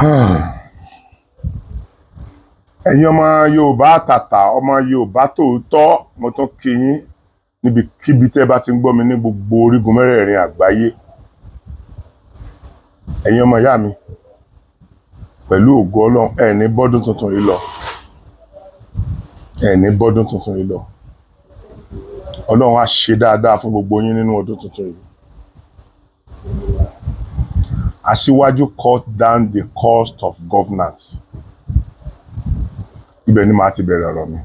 Hmm. ẹ̀yin ọmọ yorùbá àtàtà ọmọ yorùbá tòótọ́ mo tún kí yín níbikíbi tẹ́ bá ti ń gbọ́ mi ní gbogbo orígun mẹ́rẹ̀ẹ̀rin àgbáyé ẹ̀yin ọmọ ìyá mi pẹ̀lú ògo ọlọ́run ẹ̀ ní bọ́dún tuntun yìí lọ ẹ̀ ní bọ́dún tuntun yìí lọ ọlọ́run á ṣe dáadáa fún gbogbo yín nínú ọdún tuntun yìí Aṣíwájú cut down the cost of governance. Ibẹ̀ ni màá ti bẹ̀rẹ̀ ọ̀rọ̀ mi.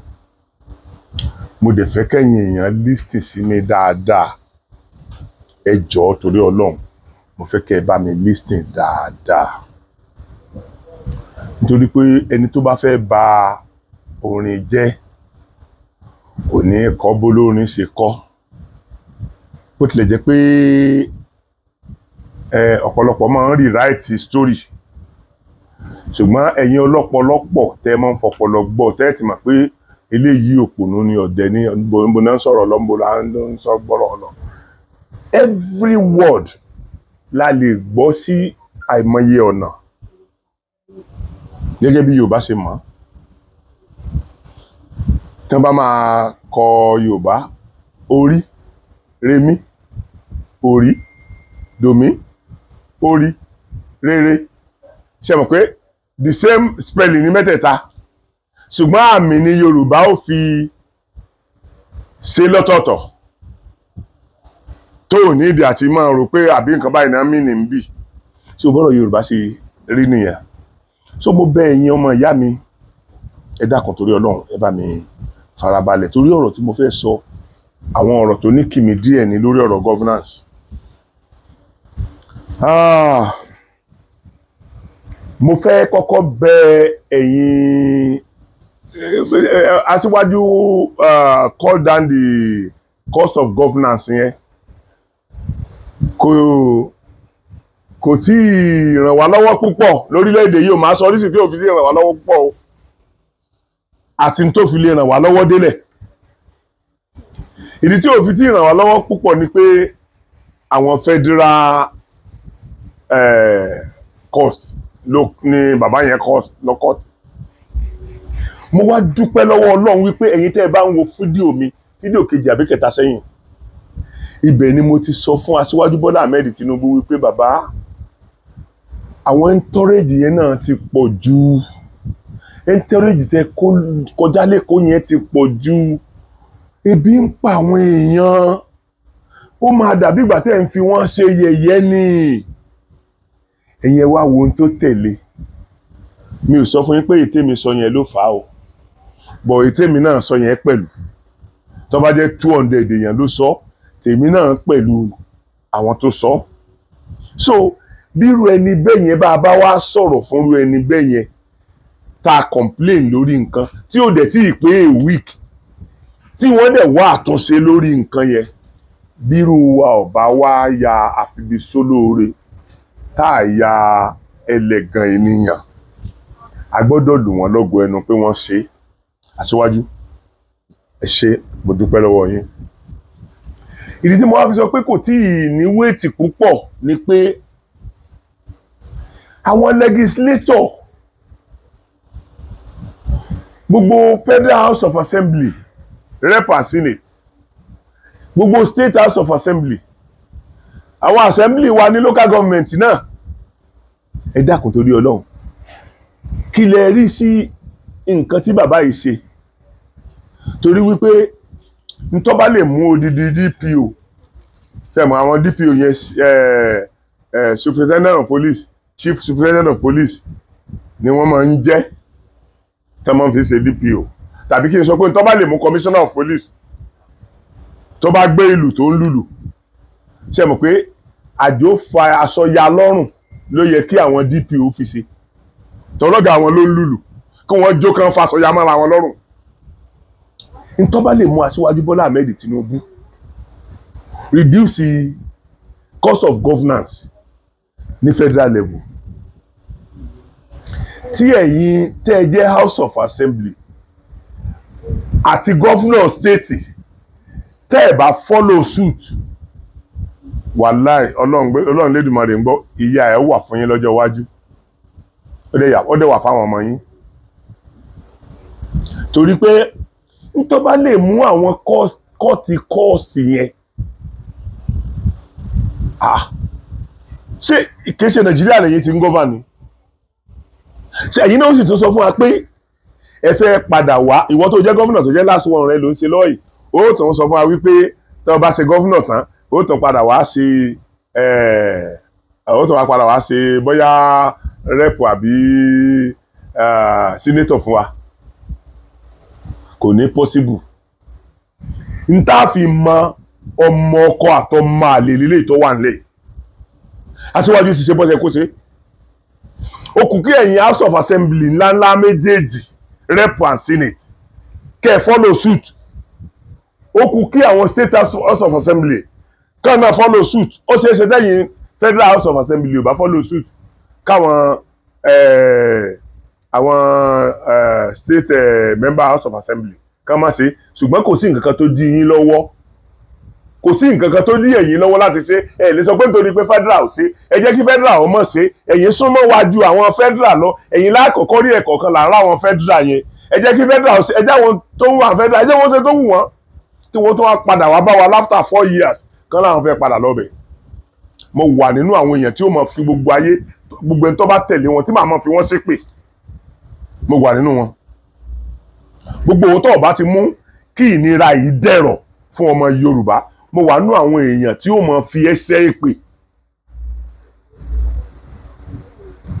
Mo dẹ̀ fẹ́ kẹ́yìn èèyàn lísìn sí mi dáadáa. Ẹ jọ̀ọ́ torí Ọlọ́run, mo fẹ́ kẹ́ ẹ bá mi lísìn dáadáa. Nítorí pé ẹni tó bá fẹ́ ba orin jẹ́, kò ní kọ́ bólórin ṣe kọ́. Bó tilẹ̀ jẹ́ pé ọ̀pọ̀lọpọ̀ máa ń rewrite story ṣùgbọ́n ẹ̀yin ọlọ́pọ̀lọpọ̀ tẹ́ ẹ máa ń fọpọlọ gbọ́ tẹ́ ẹ ti mọ̀ pé eléyìí òpònú ni ọ̀dẹ̀ ní bó náà ń sọ̀rọ̀ lọ bó náà ń sọ gbọ́rọ̀ lọ. every word la lè gbọ́ sí àìmọye ọ̀nà gẹ́gẹ́ bí Yorùbá ṣe mọ̀ tí wọ́n bá máa kọ Yorùbá orí remi orí domi orí rere ṣe mọ̀ pé the same spelling ní mẹ́tẹ̀ẹ̀ta ṣùgbọ́n àmì ni Yorùbá ó fi ṣe lọ́tọ̀ọ̀tọ̀ tó ò ní ìdí àti máa rò pé àbí nǹkan báyìí náà mí ní bì ṣé o bọ́rọ̀ Yorùbá ṣe rí nìyẹn so mo bẹ̀ ẹ̀yin ọmọ ìyá mi ẹ dákun torí Ọlọ́run ẹ bá mi farabalẹ̀ torí ọ̀rọ̀ tí mo fẹ́ sọ àwọn ọ̀rọ̀ tó ní kìmí díẹ̀ ní lórí ọ̀rọ̀ governance Ah. mo fẹ́ kọ́kọ́ bẹ ẹ̀yin eh, aṣíwájú ah, call down the cost of governance yẹn kò kò tí ì ràn wá lọ́wọ́ púpọ̀ lórílẹ̀‐èdè yìí ò máa sọ oríṣìí tí ò fi lè ràn wá lọ́wọ́ púpọ̀ o àti tó fi lè ràn wá lọ́wọ́ délẹ̀ ìdí tí ò fi tí ì ràn wá lọ́wọ́ púpọ̀ ni pé àwọn federal Eh, cost ló ní bàbá yẹn cost lọ́kọ̀t mo wá dúpẹ́ lọ́wọ́ ọlọ́run wípé ẹ̀yin tẹ́ ẹ bá ń wo fídíò mi fídíò kejì àbí kẹta sẹ́yìn ibẹ̀ ni mo ti sọ fún aṣíwájú bọ́lá ahmed tinubu wípé bàbá àwọn ẹntọ́rẹ́jì yẹn náà ti pọ̀ jù ẹntọ́rẹ́jì tẹ kọjá lẹ́kọ̀ọ́ yẹn ti pọ̀ jù ebi ń pa àwọn èèyàn ó máa dàbí ìgbà tẹ́ ń fi wọ́n ṣe yẹ̀yẹ́ ni ẹ̀yin ẹ wá wo ohun tó tẹ̀lé mi ò sọ fún yín pé ètè mi sọ yẹn ló fà á o bọ̀ ètè mi náà sọ yẹn pẹ̀lú tó bá jẹ́ two hundred èèyàn ló sọ tèmi náà pẹ̀lú àwọn tó sọ so bírú ẹni bẹ́ẹ̀ yẹn bá a bá wá sọ̀rọ̀ fúnrú ẹni bẹ́ẹ̀ yẹn tá complain lórí nǹkan tí ò dẹ̀ tí ì pé a week tí wọ́n dẹ̀ wá àtúnṣe lórí nǹkan yẹn bírú wa ò bá wá ya àfibisólóore tá a ya ẹlẹ́gàn ènìyàn a gbọ́dọ̀ lù wọ́n lógo ẹnu pé wọ́n ṣe aṣíwájú ẹ ṣe mo dúpẹ́ lọ́wọ́ yín ìdí tí mo wá fi sọ pé kò tí ì ní wéètì púpọ̀ ni pé àwọn legislator gbogbo Federal House of Assembly rep and Senate gbogbo State House of Assembly àwọn assembly wa ní local government náà ẹ dákun torí ọlọ́run kí lẹ rí sí nǹkan tí bàbá yìí ṣe torí wípé ntọ́ bá lè mú odidi DPO tẹ̀mọ̀ àwọn DPO yẹn superintendent of police chief superintendent of police ni wọ́n máa ń jẹ́ tẹ́mọ̀ fi ṣe DPO tàbí kí n sọ pé ntọ́ bá lè mú commissioner of police tó bá gbé ìlú tó ń lùlù ṣe mọ̀ pé àjò fa aṣọya lọ́rùn ló yẹ kí àwọn DPO fi ṣe tọ́lọ́gà àwọn ló ń lùlù kí wọ́n jó kan fa aṣọya mọ́ra wọn lọ́rùn ntọ́ bá lè mú aṣíwájú Bọ́lá Ahmed Tinubu reduce cost of governance ní federal level tí ẹ̀yin tẹ́ ẹ jẹ́ House of Assembly àti governor state tẹ́ ẹ bá follow suit wàláì ọlọ́run lédùmarè ń gbọ́ ìyá ẹ̀ wà fún yín lọ́jọ́ iwájú ó dẹ̀ wà fáwọn ọmọ yín torí pé tó bá lè mú àwọn kọ́ọ̀tì kọ́ọ̀sì yẹn ṣé kìí ṣe nàìjíríà lẹ́yìn tí ń gọ́fà ni ṣé ẹ̀yin náà sì tún sọ fún wa pé ẹ fẹ́ padà wá ìwọ tó jẹ́ gọ́fìnà tó jẹ́ last one rẹ ló ń ṣe lọ́ọ̀yì ó tàn sọ fún wa wípé tó bá ṣe gọ́fìnà tán ó tún padà wá ṣe ó tún padà wá ṣe bóyá rẹ́pù àbí sínétọ̀ fún wa kò ní pọ́síbù n tá a fi mọ ọmọ ọkọ àtọmọ àlè lílé tó wà nílẹ̀ aṣíwájú ti ṣe bọ́sẹ̀ kó ṣe ó kù kí ẹ̀yin house of assembly ńláńlá méjèèjì rep and senate kẹ́ follow suit ó kù kí àwọn state house of assembly káwọn náà follow suit ó se ṣe tẹ́yìn federal house of assembly ò ba follow suit káwọn eh, àwọn eh, state eh, member house of assembly ká má se. ṣùgbọ́n kò sí nǹkan kan tó dí yín lọ́wọ́ kò sí nǹkan kan tó dí ẹ̀yin lọ́wọ́ láti ṣe ẹ lè sọ pé nítorí pé federal ò ṣe ẹ jẹ́ kí federal ọmọ ṣe ẹ̀yin súnmọ́ wájú àwọn federal lọ ẹ̀yin lákọ̀ọ́kọ́ rí ẹ̀kọ́ kan lára àwọn federal yẹn ẹ jẹ́ kí federal ṣe ẹ jẹ́ wọn tó wù wọn federal ẹ jẹ́ wọn ṣe tó wù wọn tí wọ́n tó wá padà wá bá wa after four years kán láwọn fẹ́ padà lọ́bẹ̀ mo wà nínú àwọn èèyàn tí ó máa fi gbogbo ayé gbogbo ẹni tó bá tẹ̀lé wọn tí màá máa fi wọ́n ṣépè mo wà nínú wọn gbogbo owó tó ọba ti mú kí ìnira yìí dẹ̀rọ̀ fún ọmọ Yorùbá mo wà nínú àwọn èèyàn tí ó máa fi ẹsẹ̀ èpè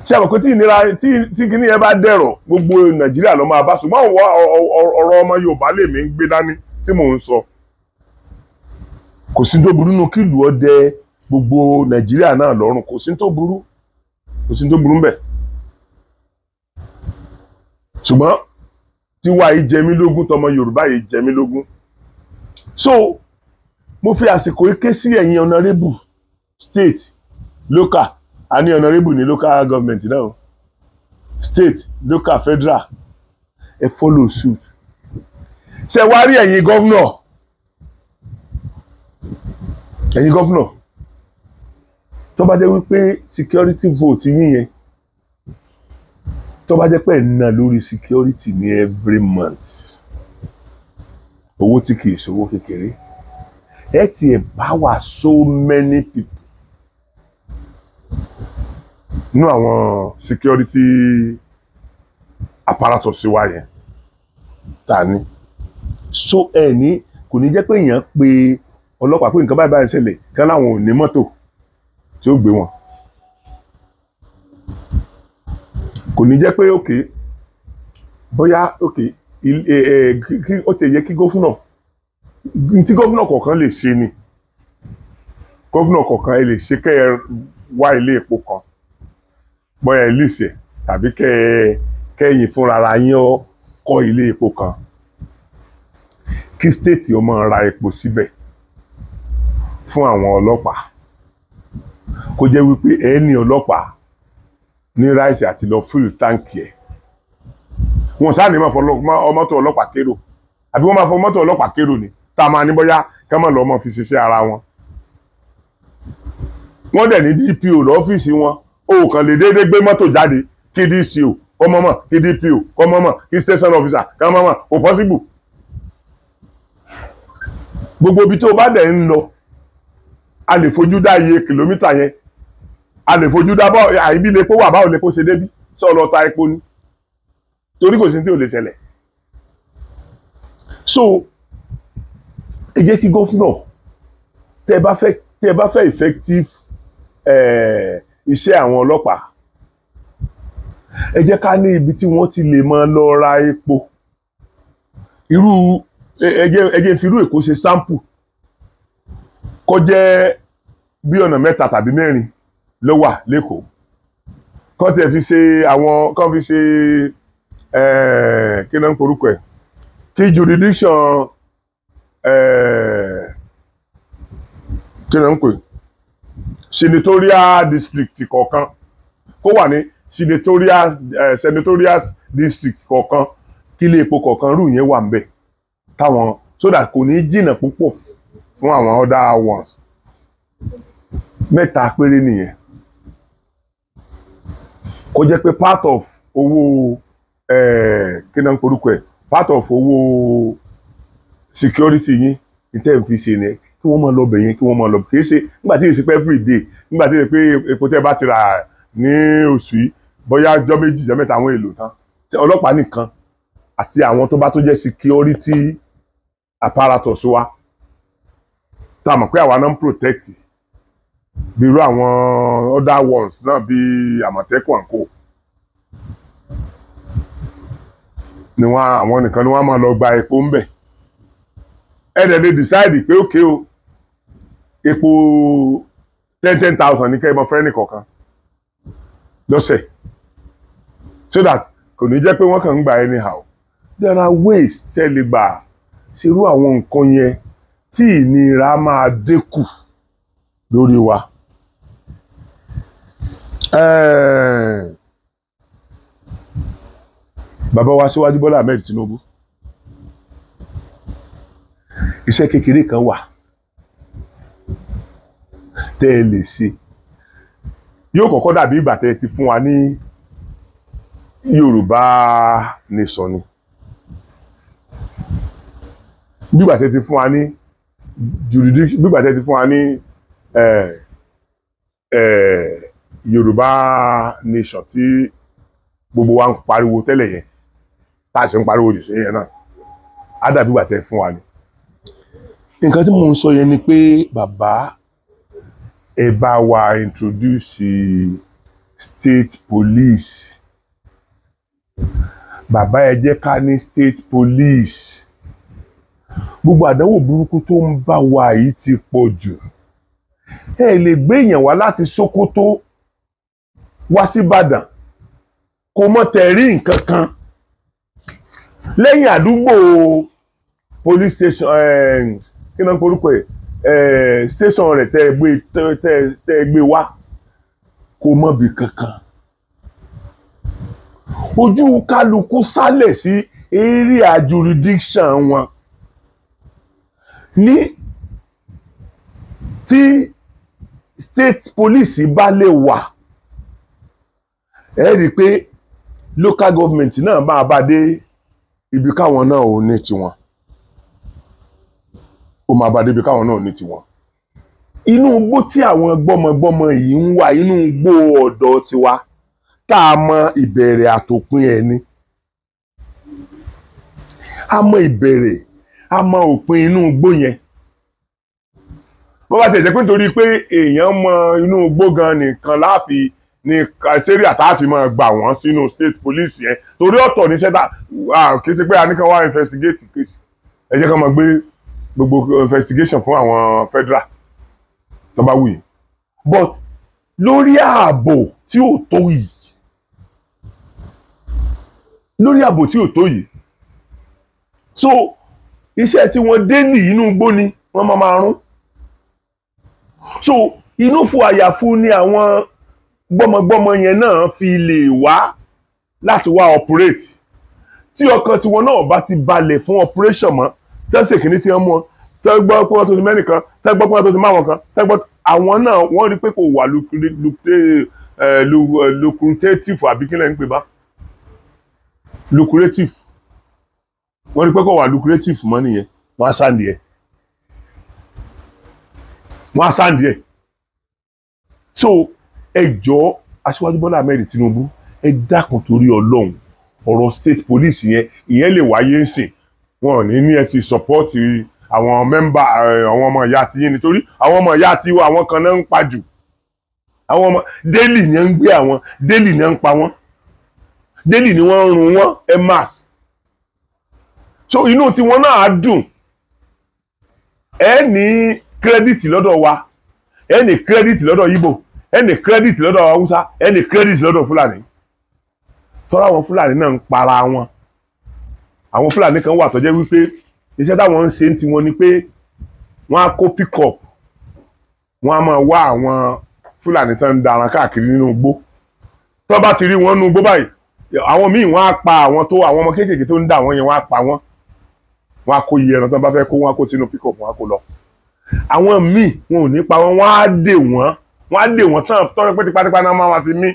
ṣe àmọ̀ pé tí ìnira tí kìíní yẹn bá dẹ̀rọ̀ gbogbo Nàìjíríà ló máa bá ṣùgbọ́n ọ̀rọ̀ ọmọ Yorùbá lèmi ń gbé dání tí mò ń sọ. So kò sí tó burú nínú kílù ọdẹ gbogbo nàìjíríà náà lọ́rùn kò sí tó burú kò sí tó burú mbẹ̀ ṣùgbọ́n tiwa yìí jẹ mí lógún tọmọ yorùbá yìí jẹ mí lógún so mo fi àsìkò ké sí ẹ̀yin ọ̀nàrẹ́bù state local àní ọ̀nàrẹ́bù ní local government náà state local federal ẹ follow suit ṣe wá rí ẹ̀yin gọ́vnọ̀ ẹ̀yin gọ́fúnà tó bá jẹ́ wípé security vote yín yẹn tó bá jẹ́ pé ẹ̀ ná lórí security ní every month owó tí kì í ṣòwò kékeré ẹ ti empower so many people nínú àwọn security apparatus wa yẹn ta so ẹ ní kò ní jẹ́ pé èèyàn pe ọlọ́pàá pé nǹkan báyìí báyìí ṣẹlẹ̀ kán láwọn ò ní mọ́tò tí ó gbé wọn. kò ní jẹ́ pé òkè bóyá òkè eh, eh, ó ti yẹ kí gófúnà tí gófúnà kọ̀ọ̀kan lè ṣe ni gófúnà kọ̀ọ̀kan lè ṣe kẹ́ ẹ wá ilé epo kan bóyá ilé ìṣẹ̀ tàbí kẹ́ ẹ kẹ́yìn fúnra ara yín kọ́ ilé epo kan kí stéètì ó ra epo síbẹ̀. Si fún àwọn ọlọ́pàá kó jẹ́ wípé ẹni ọlọ́pàá ní ráìsì àti lọ fúlù táǹkì ẹ̀ wọn sáà ní máa fọ mọ́tò ọlọ́pàá kérò àbí wọ́n máa fọ mọ́tò ọlọ́pàá kérò ni tá a máa ní bóyá ká má lọ ọmọ fi ṣiṣẹ́ ara wọn wọ́n dẹ̀ ní DPO lọ́fíìsì wọn o kàn lè déédéé gbé mọ́tò jáde kí DCO kọ́mọ́mọ́ kí DPO kọ́mọ́mọ́ kí station officer kọ́mọ́mọ́ kò possible gbogbo ibi tó bá dẹ̀ ń lọ a lè fojú dá iye kìlómítà yẹn a lè fojú dá bá àìbí lepo wà báwo lepo ṣe débí sọ lọ ta epo ni torí kò sí tí ò lè ṣẹlẹ̀ so ẹ jẹ́ kí gọ́fúnà tẹ bá fẹ́ tẹ bá fẹ́ effective eh, iṣẹ́ àwọn ọlọ́pàá ẹ jẹ́ ká ní ibi tí wọ́n ti lè máa lọ ra epo irú ẹ jẹ́ ẹ jẹ́ fi irú Èkó ṣe sample kó jẹ́ bí ọ̀nà mẹ́ta tàbí mẹ́rin ló wà lẹ́kọ̀ọ́ kọ́ tiẹ̀ fi ṣe àwọn kọ́ fi ṣe eh, kí ló ń porúkọ ẹ̀ kí jurisdiction eh, kí ló ń pè senatorial district kọ̀ọ̀kan kó wà ní senatorial eh, senatorial district kọ̀ọ̀kan kí ilé epo kọ̀ọ̀kan rú yẹn wà ń bẹ̀ táwọn sódà kò ní jìnnà púpọ̀ fún àwọn other ones mẹ́ta péré nìyẹn kó jẹ́ pé part of owó kí náà ń porúkọ ẹ̀ part of owó security yín ìtẹ́ ń fi ṣe ni kí wọ́n máa lọ bẹ̀ yẹn kí wọ́n máa lọ kì í ṣe nígbà tí èsì pé every day nígbà tí èsì pé epo tẹ́ bá ti rà ní oṣù yìí bóyá ọjọ́ méjì ọjọ́ mẹ́ta àwọn èlò tán ọlọ́pàá nìkan àti àwọn tó bá tó jẹ́ security apparatus wa tá a mọ̀ pé àwa náà ń protect bí irú àwọn other ones náà bí àmọ̀tẹ́kùn àǹkó ni wọn àwọn nìkan ni wọn máa lọ gba epo ń bẹ̀ ẹ dẹ̀ lè decide pé ókè o epo ten ten thousand ní kẹ́hìn mọ́ fẹ́ nìkọ̀ọ̀kan lọ́sẹ̀ so that kò ní jẹ́ pé wọ́n kàn ń gba anyhow there are ways tẹ́ lè gbà ṣerú àwọn nǹkan yẹn tí ìnira máa dínkù lórí wa. Bàbá wa síwájú Bọ́lá Ahmed Tinubu iṣẹ́ kékeré kan wà tẹ́ ẹ lè ṣe yóò kọ́kọ́ dàbí ìgbà tẹ́ ẹ ti fún wa ní Yorùbá nation ni bí ìgbà tẹ́ ti fún wa ní. Ni jurisdiction bí gbàtẹ́ ti fún wa ní Yorùbá nation tí gbogbo wa ń pariwo tẹ́lẹ̀ yẹn tá a ṣe ń pariwo jù sí yẹn náà á dàbí fún wa ni. nǹkan tí mo ń sọ yẹn ni pé bàbá ẹ bá wa introduce state police bàbá ẹ jẹ́ ká ní state police gbogbo àdánwò burúkú tó ń bá wa yìí ti pọ̀ jù ẹ lè gbé èèyàn wá láti Sókótó wá síbàdàn kò mọ tẹ̀rí nǹkan kan lẹ́yìn àdúgbò police station eh, kí náà porúkọ ẹ̀ eh, station rẹ̀ tẹ́ ẹ gbé tẹ́ ẹ gbé wá kò mọ bì kankan ojú kálukú sálẹ̀ sí area jurisdiction wọn ní tí state police bá lè wà ẹ rí i pé local government náà bá a bá dé ibi káwọn náà ò ní tiwọn ó máa bá a dé ibi káwọn náà ò ní tiwọn inú igbó tí àwọn gbọ́mọgbọ́mọ yìí ń wà inú igbó ọ̀dọ̀ tiwa tá a mọ ìbẹ̀rẹ̀ àtòpin ẹ̀ a mọ ìbẹ̀rẹ̀ a mọ òpin inú igbó yẹn bó bá tẹ̀sẹ̀ pé nítorí pé èèyàn mọ inú igbó gan nìkan láàfin ní criteria tá a fi máa gbà wọ́n sínú state police yẹn torí ọ̀tọ̀ níṣẹ́ tá kì í ṣe pé a ní kan wá investigate case ẹ jẹ́ ká máa gbé gbogbo investigation fún àwọn federal tó bá wù yìí but lórí ààbò tí ò tó yìí lórí ààbò tí ò tó yìí so iṣẹ́ tí wọ́n dé nì inú igbó ni wọ́n máa máa rún so inú fún àyàfu ni àwọn gbọ́mọgbọ́mọ yẹn náà fi lè wá láti wá operate tí ọkàn tiwọn náà bá ti balẹ̀ fún operation mọ́ tẹ́sí kìíní tí wọ́n mú ọ tẹ́gbọ́ pé wọ́n tó ti mẹ́nìkan tẹ́gbọ́ pé wọ́n tó ti máwọn kan tẹ́gbọ́ àwọn náà wọ́n rí pé kò wà eh, eh, lucrative àbí kí lẹ́yìn pè bá lucrative wọ́n rí pé kò wà lucrative mọ́ nìyẹn wọ́n á sáǹdì ẹ̀ wọ́n á sáǹdì ẹ̀ so ẹ jọ aṣíwájú Bọ́lá Ahmed Tinubu ẹ dákun torí Ọlọ́run ọ̀rọ̀ state police yẹn ìyẹn lè wáyé ń sìn wọn ò ní ní ẹ fi sọpọ́ọ̀tì àwọn mẹ́mbà eh, àwọn ọmọ ìyá ti yín nítorí àwọn ọmọ ìyá ti wọ́n àwọn kan náà ń pa jù àwọn ọmọ délì ni ń gbé àwọn délì ni ń pa wọ́n délì ni wọ́n ń run wọ́n ẹ mass so inú tiwọn náà á dùn ẹ ní kírẹ́dìtì lọ́dọ̀ wa ẹ ní kírẹ́dìtì lọ́dọ̀ Ìgbò ẹ ní kírẹ́dìtì lọ́dọ̀ Haúsá ẹ ní kírẹ́dìtì lọ́dọ̀ Fúlàní tọ́ra àwọn Fúlàní náà ń para wọn àwọn Fúlàní kan wà tó jẹ́ wípé iṣẹ́ táwọn ń ṣe ń tiwọn ni pé wọ́n á kó pick up wọ́n á máa wá àwọn Fúlàní tó ń daran káàkiri nínú igbó tó bá ti rí wọn nínú igbó báyìí àwọn míì wọ́n á pa àwọn tó àwọn ọmọ kéékèèké tó ń dà wọ́n yẹn wọ́n á pa wọ́n wọn á kó iye ẹran tó bá fẹ́ kó wọn á kó sínú pickup wọn a kó lọ àwọn míì wọn ò ní pa wọn wọn á dè wọn wọn á dè wọn tán tọrọ pé tipátipá náà máa fi mí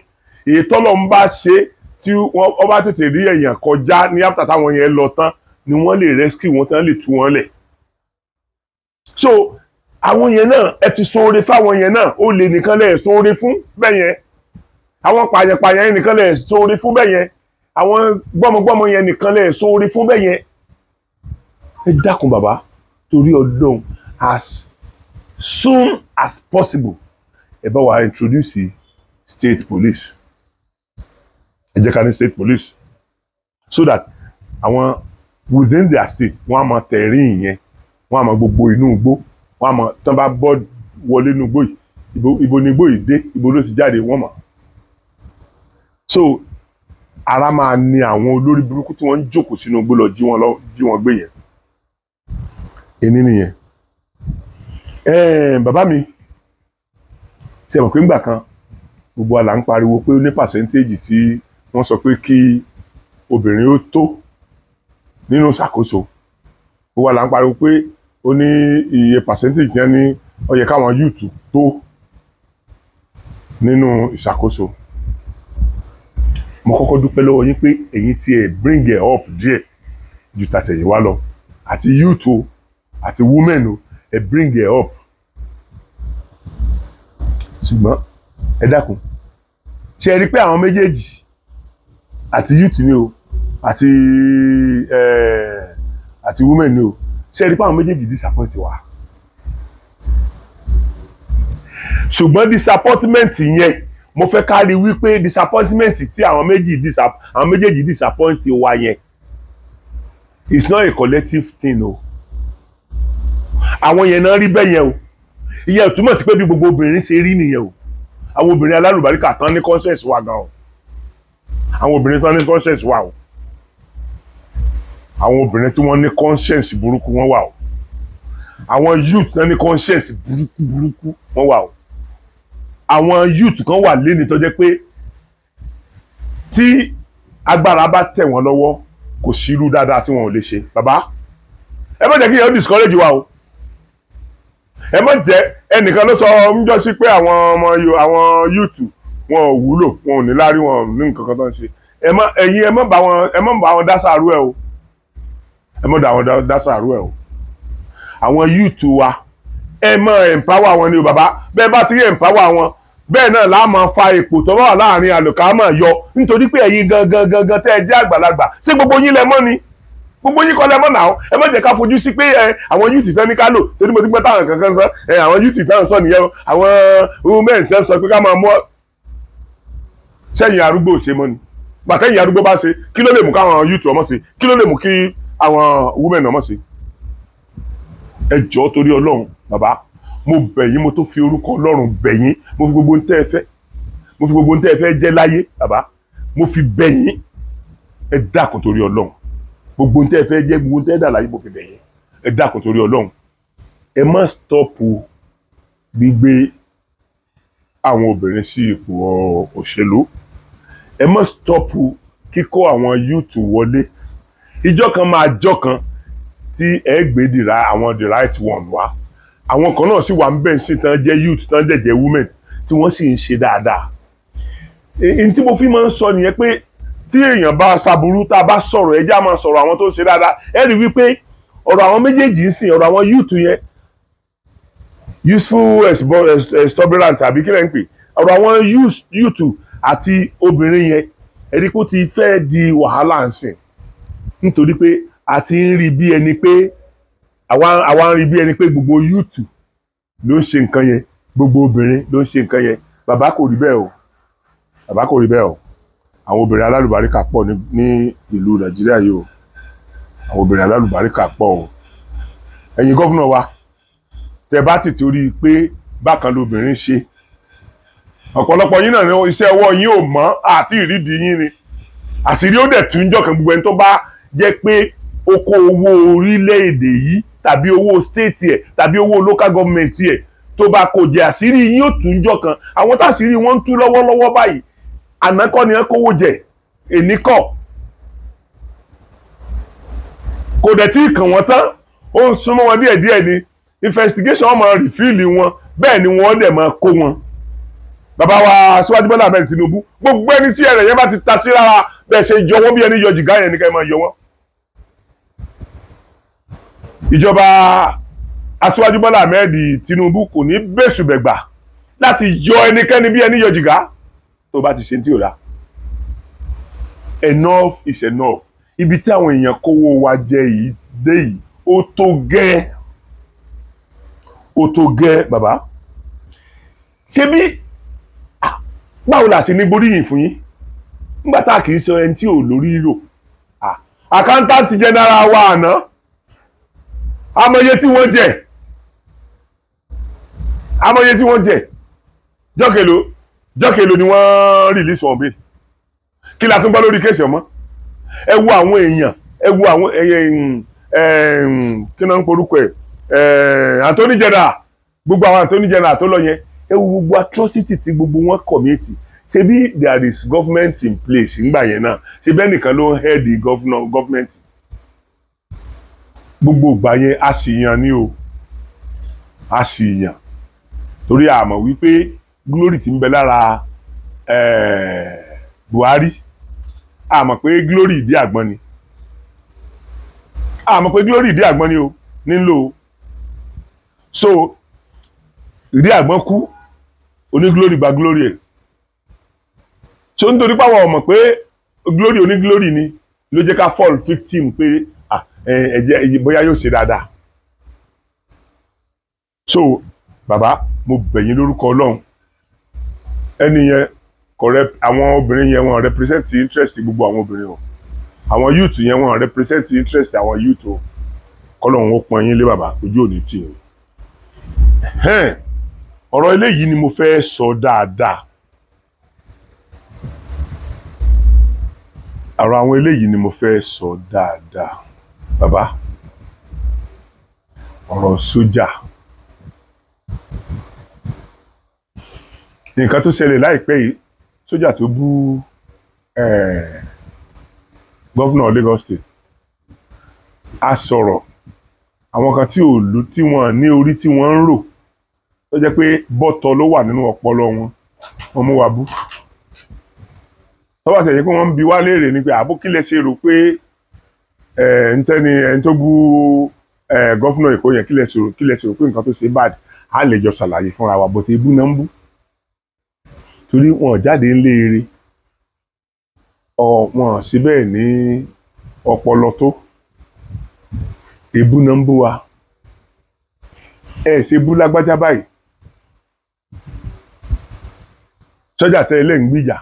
èyí tọ́lọ̀ ń bá ṣe tí wọ́n bá tètè rí èèyàn kọjá ní after táwọn yẹn lọ tán ni wọ́n lè rescue wọn tán lè tú wọn lẹ̀ so àwọn yẹn náà ẹ ti ṣoore fáwọn yẹn náà ó lè nìkan lẹ̀ ṣoore fún bẹ́ẹ̀ yẹn àwọn pààyàn pààyàn yẹn nìkan lẹ̀ ṣoore fún bẹ́ẹ̀ yẹn àwọn gbọ́mọgbọ́mọ yẹn nìkan lẹ̀ ṣoore fún bẹ́ẹ̀ yẹn ẹ dákun bàbá torí ọdún as soon as possible ẹ bá wa introduce state police ẹ jẹ́ ká ní state police so that àwọn within their state wọ́n á mọ tẹ̀rín ìyẹn wọ́n á mọ gbogbo inú igbó wọ́n á mọ tán bá bọ́ wọlé inú igbó yìí ibo ibo ni igbó yìí dé ibo ló ti jáde wọ́n mọ̀ so ara máa ni àwọn olórí burúkú tí wọ́n ń jókòó sínú igbó lọ jí wọn gbé yẹn ẹni nìyẹn bàbá mi ṣe mọ̀ pé ńgbà kan gbogbo àlà ń pariwo pé ó ní pàṣẹ́ntéèjì tí wọ́n sọ pé kí obìnrin ó tó nínú ṣàkóso gbogbo àlà ń pariwo pé ó ní iye pàṣẹ́ntéèjì yẹn ní ó yẹ káwọn yúùtù tó nínú ìṣàkóso mo kọ́kọ́ dúpẹ́ lọ́wọ́ yín pé èyí tí ẹ bring it up díẹ̀ ju tàtẹ̀yìnwá lọ àti yúùtù àti women o ẹ bring ẹ up ṣùgbọ́n ẹ dákun ṣe rí i pé àwọn méjèèjì àti youth ni o àti àti women ni o ṣe rí i pé àwọn méjèèjì disappoint wa ṣùgbọ́n disappointment yẹn mo fẹ́ ká rí wípé disappointment tí àwọn méjèèjì disappoint wa yẹn it's not a collective thing o. No àwọn yẹn náà rí bẹ́ẹ̀ yẹn o ìyẹn ò túmọ̀ sí pé bí gbogbo obìnrin ṣe rí nìyẹn o àwọn obìnrin alálùbáríkà tán ní conscience wa gan o àwọn obìnrin tán ní conscience wa o àwọn obìnrin tí wọ́n ní conscience burúkú wọ́n wà o àwọn youth tán ní conscience burúkú burúkú wọ́n wà o àwọn youth kan wà léni tó jẹ́ pé tí agbára bá tẹ̀ wọ́n lọ́wọ́ kò sí irú dáadáa tí wọn ò lè ṣe bàbá ẹ má jẹ́ kí yẹn discourage wa o ẹ má jẹ́ ẹnìkan ló sọ ńjọ́ sí pé àwọn ọmọ àwọn yúùtù wọn ò wúlò wọn ò ní láárí wọn ò ní nǹkan kan tó ń ṣe ẹ má ẹ̀yin ẹ má bá wọn ẹ má bá wọn dá sàárú ẹ o ẹ má bá wọn dá sàárú ẹ o àwọn yúùtù wa ẹ má empower wọn ni o bàbá bẹ́ẹ̀ bá ti rí empower wọn bẹ́ẹ̀ náà la máa fa ipò tó wà láàrin àlùkámọ̀ yọ nítorí pé ẹ̀yin gangan gangan tẹ́ ẹ jẹ́ àgbàlagbà ṣé gbogbo yín lẹ mọ̀ ni gbogbo yín kọ́lẹ́ mọ́ náà ẹ má jẹ́ ká fojú sí pé àwọn yúùtì fẹ́ ní ká lò torí mo ti gbọ́ táwọn kankan sọ àwọn yúùtì táwọn sọ nìyẹn àwọn women tẹ́ sọ pé ká máa mú ọ. sẹ́yìn arúgbó ò ṣe mọ́ ni gbàtẹ́yìn arúgbó bá ṣe kí ló lè mú káwọn yúùtì ọmọ ṣe kí ló lè mú kí àwọn women ọmọ ṣe. ẹ jọ̀ọ́ torí ọlọ́run bàbá mo bẹ̀ yín mo tó fi orúkọ ọlọ́run bẹ̀ yín mo fi gbogbo ntẹ́ ẹ fẹ́ mo fi gbogbo ntẹ́ ẹ fẹ́ jẹ́ láyé bàbá mo fi bẹ̀ yín ẹ dákun torí ọlọ́run gbogbo tẹ́ fẹ́ jẹ́ gbogbo tẹ́ dà láyé mo fi bẹ̀yẹ ẹ dákun torí ọlọ́run ẹ má stọ́pù gbígbé àwọn obìnrin sí ipò òṣèlú ẹ má stọ́pù kíkó àwọn yúùtù wọlé ìjọ kan máa jọ kan tí ẹ gbé dìrà àwọn the right one wá àwọn kan náà sì wà ń bẹ̀ sí tán jẹ́ youth tán jẹ́ jẹ́ women tí wọ́n sì ń ṣe dáadáa n tí mo fi máa ń sọ nìyẹn pé tí èèyàn bá ṣàbùrú tá a bá sọ̀rọ̀ ẹ jẹ́ á máa sọ̀rọ̀ àwọn tó ń ṣe dáadáa ẹ rí wípé ọ̀rọ̀ àwọn méjèèjì ń sìn ọ̀rọ̀ àwọn youth yẹn useful exuberant tàbí kílẹ̀ ń pè ọ̀rọ̀ àwọn youth àti obìnrin yẹn ẹ rí kó ti fẹ́ di wàhálà ń sìn nítorí pé a ti ń rí bí ẹni pé àwa ń rí bí ẹni pé gbogbo youth ló ń ṣe nǹkan yẹn gbogbo obìnrin ló ń ṣe nǹkan yẹn bàbá kò rí bẹ́ẹ̀ o bàbá kò rí bẹ́ẹ̀ o àwọn obìnrin alálùbáríkà pọ̀ ní ìlú nàìjíríà yìí o àwọn obìnrin alálùbáríkà pọ̀ o ẹ̀yin gọ́fúnà wa tẹ́ bá ti torí pé bákan lobìnrin ṣe ọ̀pọ̀lọpọ̀ yín náà ní iṣẹ́ ọwọ́ yín ò mọ́ àti ìrídìí yín ni àṣírí ó dẹ̀ tún jọ̀kan gbogbo ẹni tó bá jẹ́ pé ó owó orílẹ̀-èdè yìí tàbí owó state ẹ̀ tàbí owó local government ẹ̀ tó bá kò jẹ́ àṣírí yín ó tún jọ̀kan àwọn táṣírí wọn ń tú lọ́wọ́lọ́wọ́ báyìí àná ni wọ́n kówó jẹ èní kọ́ kò dẹ̀ tí ì kàn wọ́n tán ó ń súnmọ́ wọn díẹ̀díẹ̀ ni investigation wọn rìfíìlì wọn bẹ́ẹ̀ ni wọ́n dẹ̀ máa kó wọn bàbá wa Aṣíwájú Bọ́lá Ahmed Tinubu gbogbo ẹni tí ẹ̀rẹ̀ yẹn bá ti ta sí rárá bẹ́ẹ̀ ṣe yọ wọ́n bí ẹni yọ jìgá yẹn ni ká máa yọ ìjọba Aṣíwájú Bọ́lá Ahmed Tinubu kò ní bẹ́sùbẹ̀gbà láti yọ ẹnikẹ́ni bí ẹni yọ jìgá tó bá ti ṣe tí ò dá enough is enough ibi tí àwọn èèyàn kówó wa jẹ yìí dé yìí ó tó gẹ́ ó tó gẹ́ bàbá ṣé bí báwo la ṣe ní gbóríyìn fún yín nígbà tá a kì í sọ ẹni tí ò lórí rò àkántàntì jẹnara wa àná amọye tí wọ́n jẹ amọye tí wọ́n jẹ jọkèló jọ́kè ló ni wọ́n release wọn bail kí la tún gbọ́ lórí kéèsì ọmọ ẹ wo àwọn èèyàn ẹ wo àwọn kí náà ń porúkọ ẹ Anthony Jeda gbogbo àwọn Anthony Jeda tó lọ yẹn ẹ wo gbogbo atrocity tí gbogbo wọn ṣe ṣebí there is government in place ńgbà yẹn náà ṣebí ẹnìkan ló ń head the government gbogbo ìgbà yẹn a sì yàn ni o a sì yàn torí àmọ̀ wípé glory ti ń bẹ lára eh, Buhari a mọ̀ pé glory ìdí àgbọn ni a mọ̀ pé glory ìdí àgbọn ni o nílò so ìdí àgbọn kú Glory, gba glory ẹ̀ so nítorí pàwọ̀ ọmọ pé glory oníglórí ni ló jẹ́ ká fall victim pé ẹ̀jẹ̀ bóyá yóò ṣe dáadáa so bàbá mo bẹ̀ yín lórúkọ Ọlọ́run ẹni yẹn correct àwọn obìnrin yẹn wọ́n represent interest gbogbo àwọn obìnrin o àwọn youth yẹn wọ́n represent interest àwọn youth o kọ́lọ́hún ó pọn yín lé bàbá ojú òní tì yín ọ̀rọ̀ eléyìí ni mo fẹ́ sọ dáadáa ọ̀rọ̀ àwọn eléyìí ni mo fẹ́ sọ dáadáa bàbá ọ̀rọ̀ sójà nǹkan tó ṣẹlẹ̀ láìpẹ́ yìí sójà tó bú gọ́fúnà Lagos State a sọ̀rọ̀ àwọn kan tí ò lu tí wọ́n ní orí tí wọ́n ń rò tó jẹ́ pé bọ́tọ̀ ló wà nínú ọpọlọ wọn wọ́n mú wa bú tọ́wọ́ àtẹ̀yẹ pé wọ́n ń bi wá léèrè ni pé àbó kí lẹ ṣe rò pé ntẹ́ni ẹni tó bú gọ́fúnà Èkó yẹn kí lẹ ṣe rò kí lẹ ṣe rò pé nǹkan tó ṣe bad a lè jọ ṣàlàyé fúnra wa bó ibú náà ń bú torí wọn jáde ńlé eré wọn síbẹ̀ ní ọpọlọ tó èébú náà ń bú wa ẹ ṣe bú lágbájá báyìí sọ́jà tẹ́ ilé ń gbìjà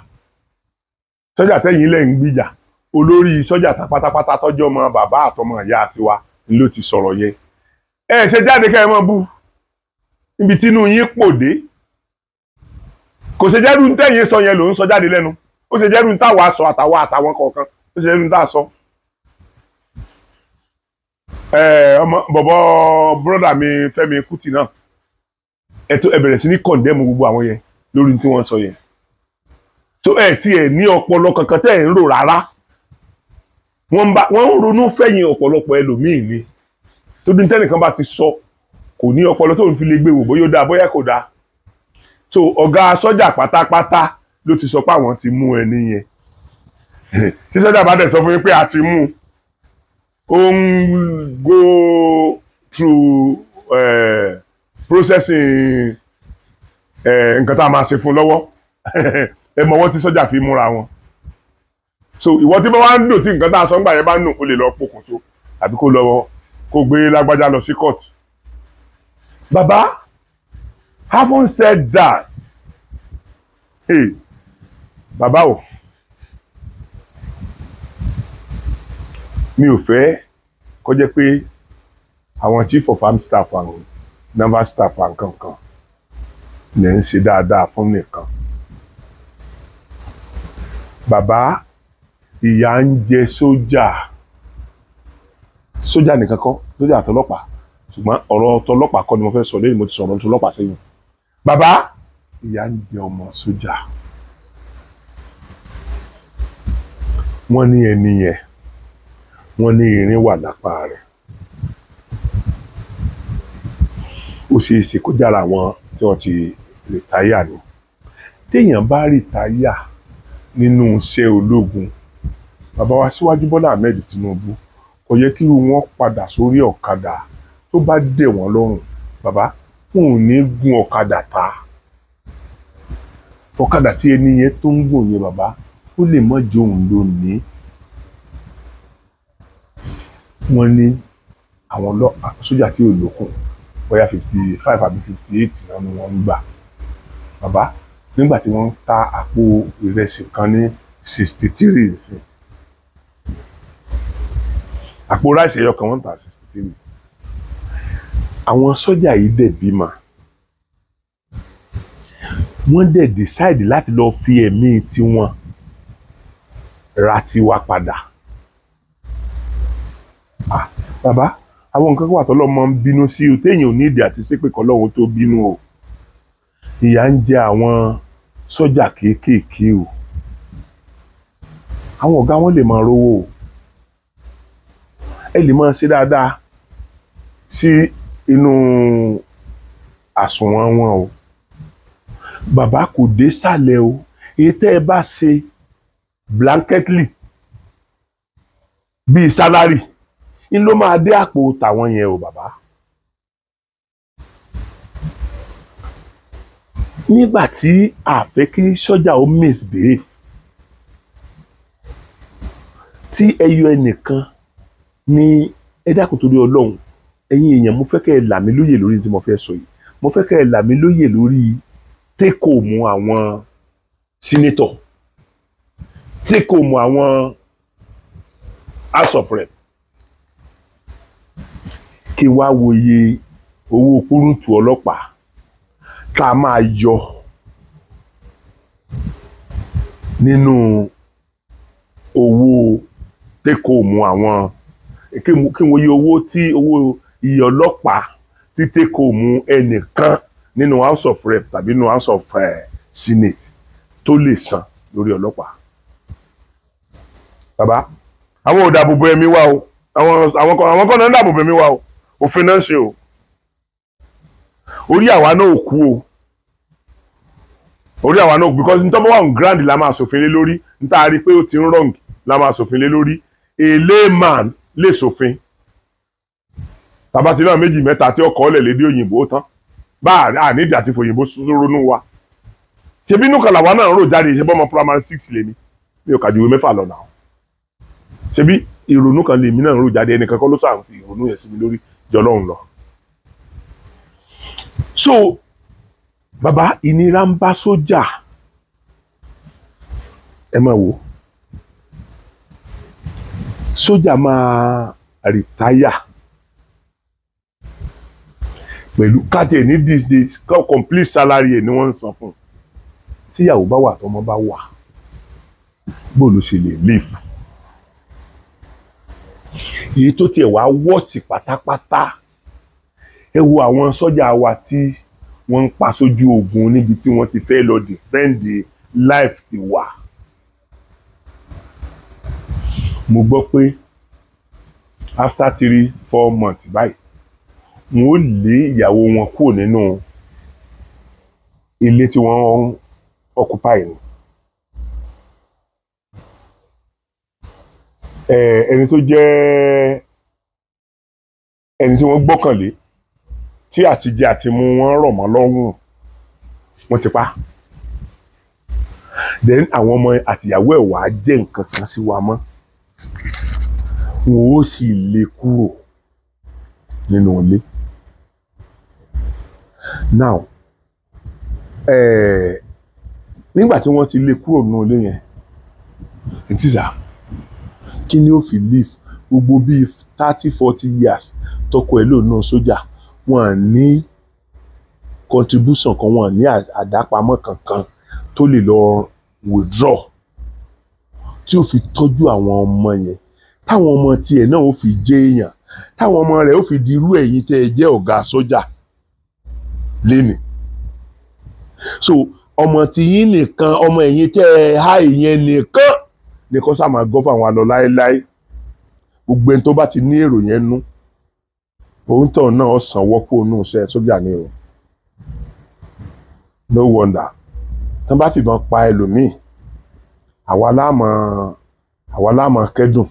sọ́jà tẹ́yìn ilé ń gbìjà olórí sọ́jà tá pátápátá tọ́jọ́ ọmọ bàbá àtọmọ ìyá tiwa ló ti sọ̀rọ̀ yẹn ẹ ṣe jáde ká ẹ mọ́ bú níbi tínú yín pòdé kò ṣe jẹ́rú ń tẹ̀yìn sọ yẹn ló ń sọ jáde lẹ́nu ó ṣe jẹ́rú ń táwa sọ àtàwa àtàwọn kọ̀ọ̀kan ó ṣe jẹ́rú ń tà sọ. ọmọ bọ̀bọ̀ bọ́dà mi Fẹ́mi Kútì náà ẹ bẹ̀rẹ̀ sí ní kọ̀ǹdẹ́mù gbogbo àwọn yẹn lórí tí wọ́n sọ yẹn tó ẹ̀ tí ẹ̀ ní ọpọlọ kankan tẹ́ ẹ̀ ń rò rárá wọ́n ń ronú fẹ̀yìn ọ̀pọ̀lọpọ̀ ẹlòmíì ni tó dín tẹ́nìkan bá ti sọ kò ní ọpọlọ tó ń fi lè gbé wò bóyá ó dáa bóyá kò dáa so ọ̀gá sọ́jà pátápátá ló ti sọ pé àwọn ti mú ẹni yẹn tí sọ́jà bá dẹ̀ sọ fún yín pé a ti mú ó ń go through uh, processing nǹkan tá a máa ṣe fún lọ́wọ́ ẹ mọ ọwọ́ tí sọ́jà fi múra wọn so ìwọ tí bá wá ń dùn tí nǹkan tá a sọ ń gbà yẹn bá ń nù ó lè lọ pokùnso àbí kó lọ kó gbé lágbájá lọ sí court bàbá Having said that, hey, bàbá o, mi ò fẹ́ kó jẹ́ pé àwọn chief of army staff àwọn naval staff nǹkan kan lè ń ṣe dáadáa fún nìkan. Bàbá ìyà ń jẹ sójà sójà nìkan kọ́ sójà àtọlọ́pàá ṣùgbọ́n ọ̀rọ̀ tọlọ́pàá kọ́ ni mo fẹ́ sọ lẹ́yìn mo ti sọ̀rọ̀ tọlọ́pàá sẹ́yìn bàbá ìyá ń jẹ ọmọ sójà wọ́n ní ẹni yẹn wọ́n ní irin wà lápá rẹ̀ ó ṣeé ṣe kó jára àwọn tí wọ́n ti rìtáyà ni téèyàn bá rìtáyà nínú iṣẹ́ ológun bàbá wa síwájú Bọ́lá Ahmed Tinubu kò yẹ kí irú wọn padà sórí ọ̀kadà tó bá dẹ̀ wọ́n lọ́rùn bàbá òun ní gun ọ̀kadà ta ọ̀kadà tí ẹni yẹn tó ń gùn yẹn bàbá ó lè mọ́ jẹ lónìí wọ́n ní àwọn ọlọ́pàá sójà tí ò lókun bóyá fifty five àbí fifty eight náà ni wọ́n ń gbà bàbá nígbà tí wọ́n ń ta àpò ìrẹsì kan ní sixty three sí àpò ráìsì ẹyọ kan wọ́n ń ta sixty three àwọn sọ́jà yìí dẹ̀ bímọ wọ́n dẹ̀ decide láti lọ fi ẹ̀mí tiwọn ra tiwa padà ah bàbá àwọn nǹkan wà tọ́lọ́mọ ń bínú sí o téèyàn ò ní ìdí àti ṣépè kọ́lọ́hún tó bínú o ìyà ń jẹ àwọn sọ́jà kéékèèké o àwọn ọ̀gá wọn lè máa rówó o ẹ lè máa ṣe dáadáa sí inú àsùnwọ̀n wọn o bàbá kò dé sàlẹ̀ o èyí tẹ́ ẹ bá ṣe blanketly bíi salary ń ló máa dé àpò tàwọn yẹn o bàbá. nígbà tí a fẹ́ kí sọ́jà ó misbehave tí ẹ yọ ẹnìkan ní ẹ dákun torí ọlọ́run ẹ̀yin èèyàn mo fẹ́ kẹ́ ẹ là mí lóye lórí tí mo fẹ́ sọ yìí mo fẹ́ kẹ́ ẹ là mí lóye lórí tẹ́kọ̀ mu àwọn sínétọ̀ tẹ́kọ̀ mu àwọn house of rep kí wàá wòye owó púrúǹtù ọlọ́pàá tá a máa yọ nínú owó tẹ́kọ̀ mu àwọn kí wòye owó tí owó iye ọlọ́pàá títí kò mú ẹnìkan nínú house of rep tàbí nínú house of uh, senate tó lè san lórí ọlọ́pàá. bàbá àwọn ò dàbò bo ẹ̀mí wa o àwọn àwọn kan náà dàbò bo ẹ̀mí wa o òfin náà ṣe o orí àwa náà ò kú o orí àwa náà because n tọ́mọ́ wà on ground la máa ṣòfin lé lórí n tá a rí i pé ó ti ń wrong la máa ṣòfin lé lórí a layman lè ṣòfin tàbá ti náà méjì mẹ́ta tí ọkọ̀ ọ̀lẹ̀ lédè òyìnbó tán bá a nídìí àti fòyìnbó ronú wa ṣebí inú kàlàwà náà rò jáde ṣe bọ́mọ primary six lèmi mi ò kàjúwe mẹ́fà lọ náà ṣebí ìrònú kan lèmi náà rò jáde ẹnìkan kọ́ ló sàn fi ìrònú yẹn sí mi lórí jọlọ́run lọ. so bàbá ìnira ń bá sójà ẹ máa wò sójà máa rìtáyà pẹ̀lú kájẹ̀ ní di complete salary ẹ̀ ni wọ́n ń san fún un tíyàwó bá wà tọmọ bá wà bó ló ṣe lè live èyí tó tiẹ̀ wá wọ́ọ̀sì pátápátá ẹ wo àwọn sọ́jà wa tí wọ́n ń pa sójú ogun níbi tí wọ́n ti fẹ́ lọ defend life ti wà mo gbọ́ pé after three four months báyìí wọn ó lé ìyàwó wọn kúrò nínú ilé tí wọ́n ń occupy ni. ẹni tó jẹ́ ẹni tí wọ́n gbọ́kànlé tí àtijẹ àtimú wọn rọ̀ mọ́ lọ́rùn wọ́n ti pa then àwọn ọmọ àtìyàwó ẹ̀ wàá jẹ́ nǹkan kan sí wa mọ́ wọn ó sì lé kúrò nínú ilé now ẹ̀ẹ́ eh, nígbà tí wọ́n ti lé kúrò nínú ilé yẹn ìtìsà kí ni ó fi leave gbogbo bíi thirty forty years tọkọ ẹ̀ lò náà sójà wọn à ní contribution kan wọn à ní àdápamọ́ kankan tó lè lọ withdraw tí ó fi tọ́jú àwọn ọmọ yẹn táwọn ọmọ tiẹ̀ náà ó fi jẹ́ èèyàn táwọn ọmọ rẹ̀ ó fi di irú ẹ̀yin tẹ́ ẹ jẹ́ ọ̀gá sójà. So lénìí so ọmọ tí yín nìkan ọmọ ẹ̀yìn tẹ́ ẹ há ìyẹn nìkan nìkan sá máa gọ́ fáwọn àlọ́ láéláé gbogbo ẹni tó bá ti ní èrò yẹn nú òun tàn náà ọ̀sán wọ́pọ̀ ònú iṣẹ́ sójà ni o no wonder tí wọ́n bá fìbọn pa ẹlòmíì àwa láàmọ àwa láàmọ kẹ́dùn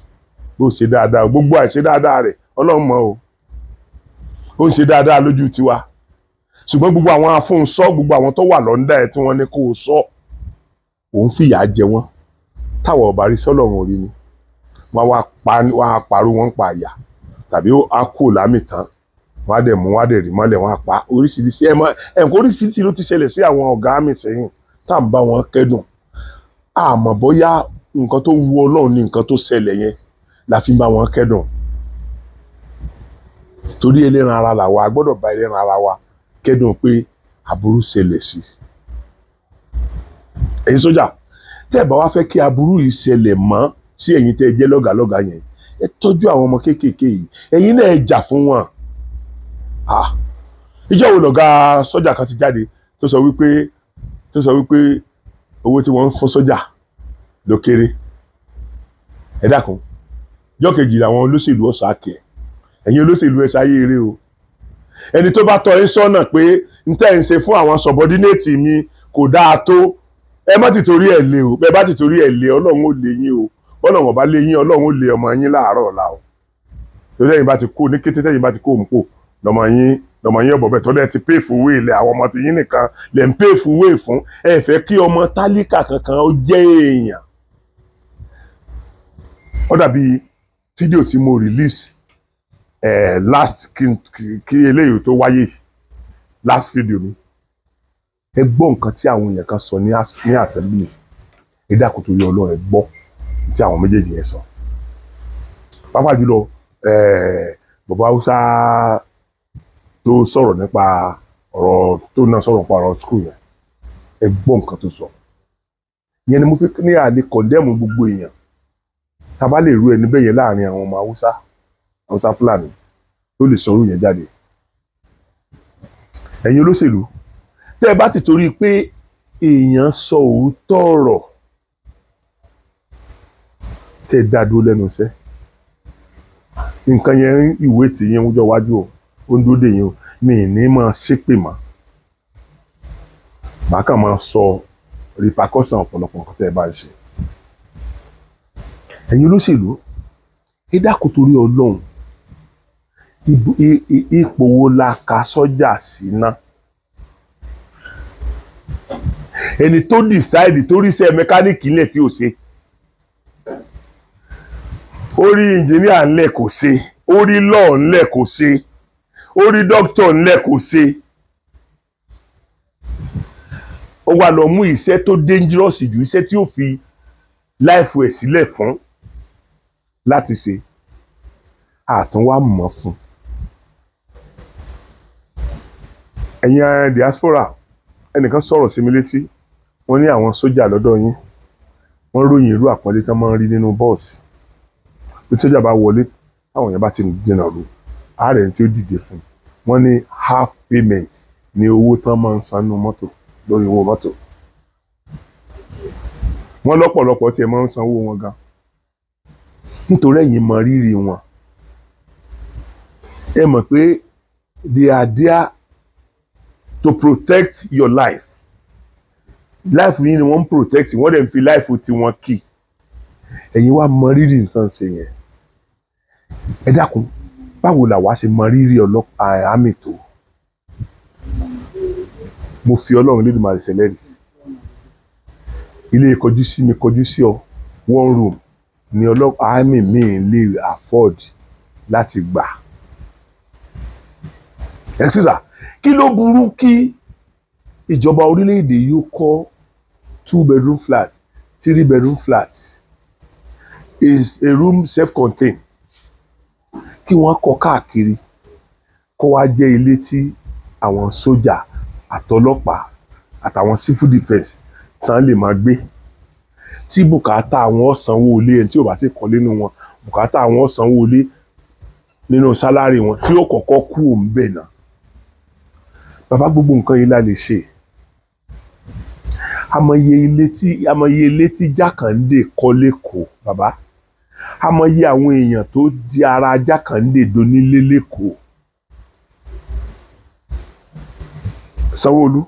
bó ṣe dáadáa gbogbo àìṣe dáadáa rẹ̀ ọlọ́mọ o ó ń ṣe dáadáa lójú tiwa ṣùgbọ́n gbogbo àwọn afúnṣọ gbogbo àwọn tó wà lọ́ndà ẹ̀ tí wọ́n ní kó o sọ òun fìyà jẹ wọ́n táwọn ọba rí sọ́lọ́run orí ni wọ́n á parú wọn pa àyà tàbí á kú lámì tán wọ́n á dẹ̀ mú wọ́n á dẹ̀ rí mọ́lẹ̀ wọ́n á pa oríṣiríṣi ẹ̀ mọ́ ẹ̀kọ́ oríṣiríṣi ló ti ṣẹlẹ̀ sí àwọn ọ̀gá mi sẹ́yìn tá à ń bá wọn kẹ́dùn àmọ́ bóyá nǹkan tó wu ọlọ́run ni nǹkan tó ṣẹlẹ̀ yẹn la fi bá wọn kẹ́dùn torí ẹlẹ́ran ara làwa gbọ́dọ̀ bá ẹlẹ́ran ara wa kẹ́dùn pé aburú ṣẹlẹ̀ sí ẹ̀yin sójà tẹ́ ẹ̀ bá wá fẹ́ kí aburú yìí ṣẹlẹ̀ mọ́ sí ẹ̀yin tẹ́ ẹ jẹ́ lọ́gàlọ́gà yẹn ẹ tọ́jú àwọn ọmọ kéékèèké yìí ẹ̀yin náà ẹ jà fún wọn ìjọ wo lọ̀gá sójà kan ti jáde tó sọ wípé tó sọ wípé owó tí wọ́n ń fún sójà ló kéré ẹ dákun jọ́kejì làwọn olóṣèlú ọ̀sà kẹ̀ ẹ̀yin olóṣèlú ẹ̀ sáyé eré o ẹni tó bá tọ́ yín sọ́nà pé n tẹ́ ń ṣe fún àwọn subordinate mi kò dáa tó ẹ má ti torí ẹ̀ lé o bẹ́ẹ̀ bá ti torí ẹ̀ lé ọlọ́run ó lé yín o bọ́lá wọn bá lé yín ọlọ́run ó lé ọmọ yín láàárọ̀ ọ̀la o torí ẹ̀yin bá ti kó ní kété tẹ́yin bá ti kó òun pò lọ́mọ yín lọ́mọ yín ọ̀bọ̀ bẹ́ẹ̀ tọ́lẹ̀ ti pè fún wé ilẹ̀ àwọn ọmọ ti yín nìkan lẹ̀ ń pè fún wé fún ẹ fẹ́ kí ọmọ tálíkà kankan ó jẹ́ èèyàn ó dàbí fídíò tí mo release eh, last kí eléyìí tó wáyé last video mi ẹ gbọ́ nǹkan tí àwọn èèyàn kan sọ ní assembly ẹ dákun torí ọlọ́run ẹ gbọ́ tí àwọn méjèèjì yẹn sọ pàápàá jùlọ bàbá haúsá tó sọ̀rọ̀ nípa ọ̀rọ̀ tó náà sọ̀rọ̀ nípa ọ̀rọ̀ skul yẹn ẹ gbọ́ nǹkan tó sọ ìyẹn ni mo fi ní àlè kọ̀dẹ́mù gbogbo èèyàn tá a bá lè ru ẹni bẹ́yẹn láàrin àwọn ọmọ haúsá haúsá fúlàní tó lè sọrú yẹn jáde ẹ̀yin olóṣèlú tẹ́ ẹ bá ti torí pé èèyàn sọ òótọ́ ọ̀rọ̀ tẹ́ ẹ dá dúró lẹ́nu iṣẹ́ nǹkan yẹn ìwé tìyẹn ọjọ́ iwájú o ó ń dúró dè yín o mi ì ní máa ṣépè mọ́ màá máa sọ rìpákọ́sàn ọ̀pọ̀lọpọ̀ nǹkan tẹ́ ẹ bá ń ṣe ẹ̀yin olóṣèlú ẹ dákun torí ọlọ́run ipò wo la ka sọ́jà sí náà ẹni tó dìsáìdì tó rí iṣẹ́ mẹkáníìkì ńlẹ̀ tí ò ṣe orí ìǹjìníà ńlẹ̀ kò ṣe orí lọ́ọ̀ ńlẹ̀ kò ṣe orí dókítọ̀ ńlẹ̀ kò ṣe ó wá lọ mú iṣẹ́ tó dangerous jù iṣẹ́ tí ó fi láìfò ẹ̀ sílẹ̀ fún láti ṣe àtúnwá mọ̀ fún un. ẹ̀yin diaspora ẹnìkan sọ̀rọ̀ sí mi létí wọ́n ní àwọn sójà lọ́dọ̀ yín wọ́n ròyìn irú àpọ́nlé tán máa ń rí nínú bọ́ọ̀sì bí sójà bá wọlé àwọn èèyàn bá ti dènà ààrẹ tí ó dìde fún wọn ní half payment ní owó tán máa ń san wọn gan nítorí mọ rírì wọn ẹ mọ̀ pé they are there to protect your life life yìí ni wọ́n ń protect wọ́n dẹ̀ ń fi life tiwọn kì ẹ̀yin wá mọ rírì nǹkan ṣe yẹn ẹ dákun báwo la wàá ṣe mọ rírì ọlọ́pàá àmì tó mo fi ọlọ́run lédè máa ṣe lẹ́rìí ilé kọjú sí mi kọjú sí ọ one room ni ọlọ́pàá àmì mi lè afford láti gbà ẹ sísà kí ló burú kí ìjọba orílẹ̀-èdè yóò kọ́ two bedroom flat three bedroom flat is a room self-contained kí wọ́n kọ́ káàkiri kó wá jẹ́ ilé tí àwọn sójà àtọlọ́pàá àtàwọn civil defence tán lè máa gbé tí bùkátà àwọn ọ̀sánwó ilé ẹni tí ò bá ti kọ́ nínú wọn bùkátà àwọn ọ̀sánwó ilé nínú sálárì wọn tí ó kọ́kọ́ kú òun bẹ̀ náà bàbá gbogbo nǹkan yìí la lè ṣe amọye ilé tí amọye ilé tí jákàndé kọ́ lẹ́kọ̀ọ́ bàbá amọye àwọn èèyàn tó di ara jákàndé donílé lẹ́kọ̀ọ́ sanwóolu